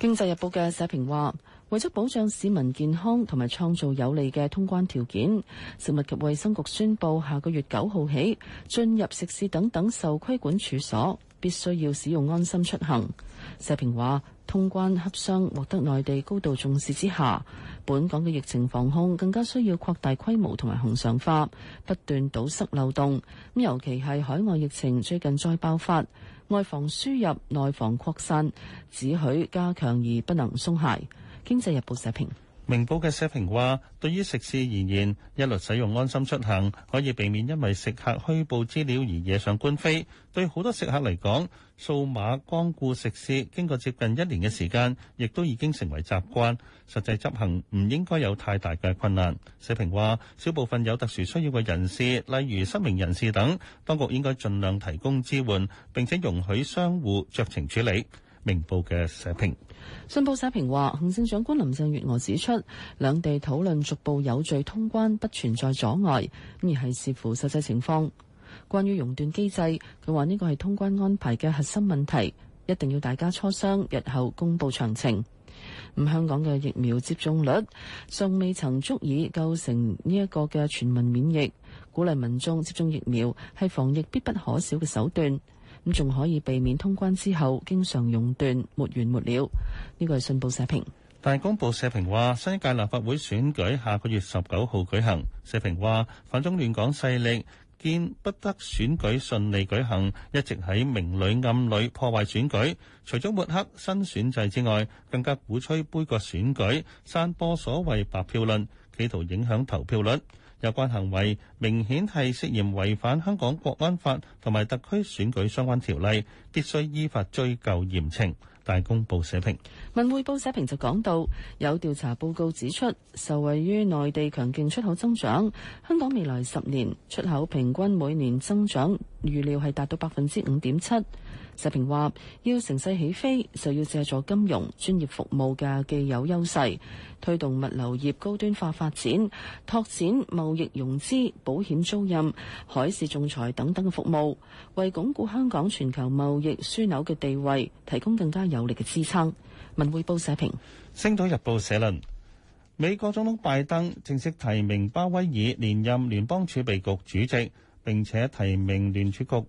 經濟日報》嘅社評話。為咗保障市民健康同埋創造有利嘅通關條件，食物及衛生局宣布下個月九號起進入食肆等等受規管處所，必須要使用安心出行。社評話，通關洽商獲得內地高度重視之下，本港嘅疫情防控更加需要擴大規模同埋恆常化，不斷堵塞漏洞。尤其係海外疫情最近再爆發，外防輸入、內防擴散，只許加強而不能鬆懈。經濟日報社評。明報嘅社評話：對於食肆而言，一律使用安心出行可以避免因為食客虛報資料而惹上官非。對好多食客嚟講，掃碼光顧食肆，經過接近一年嘅時間，亦都已經成為習慣。實際執行唔應該有太大嘅困難。社評話：少部分有特殊需要嘅人士，例如失明人士等，當局應該盡量提供支援，並且容許商戶酌情處理。明報嘅社評，信報社評話，行政長官林鄭月娥指出，兩地討論逐步有序通關，不存在阻礙，而係視乎實際情況。關於熔斷機制，佢話呢個係通關安排嘅核心問題，一定要大家磋商，日後公布詳情。咁香港嘅疫苗接種率尚未曾足以構成呢一個嘅全民免疫，鼓勵民眾接種疫苗係防疫必不可少嘅手段。咁仲可以避免通關之後經常熔斷沒完沒了。呢個係信報社評，大公報社評話，新一屆立法會選舉下個月十九號舉行。社評話，反中亂港勢力見不得選舉順利舉行，一直喺明裏暗裏破壞選舉。除咗抹黑新選制之外，更加鼓吹杯葛選舉、散播所謂白票論，企圖影響投票率。有關行為明顯係涉嫌違反香港國安法同埋特區選舉相關條例，必須依法追究嚴懲。大公報社評，文匯報社評就講到，有調查報告指出，受惠於內地強勁出口增長，香港未來十年出口平均每年增長預料係達到百分之五點七。社評話：要乘勢起飛，就要借助金融專業服務嘅既有優勢，推動物流業高端化發展，拓展貿易融資、保險租賃、海事仲裁等等嘅服務，為鞏固香港全球貿易樞紐嘅地位，提供更加有力嘅支撐。文匯報社評，星島日報社論：美國總統拜登正式提名鮑威爾連任聯邦儲備局主席，並且提名聯儲局。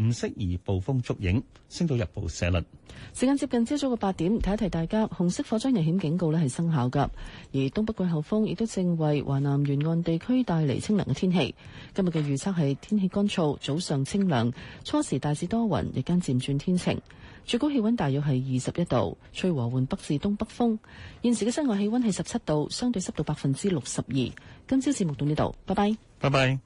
唔適宜暴風觸影，升到日報射率。時間接近朝早嘅八點，提一提大家，紅色火災危險警告咧係生效㗎。而東北季候風亦都正為華南沿岸地區帶嚟清涼嘅天氣。今日嘅預測係天氣乾燥，早上清涼，初時大致多雲，日間漸轉天晴。最高氣溫大約係二十一度，吹和緩北至東北風。現時嘅室外氣溫係十七度，相對濕度百分之六十二。今朝節目到呢度，拜拜，拜拜。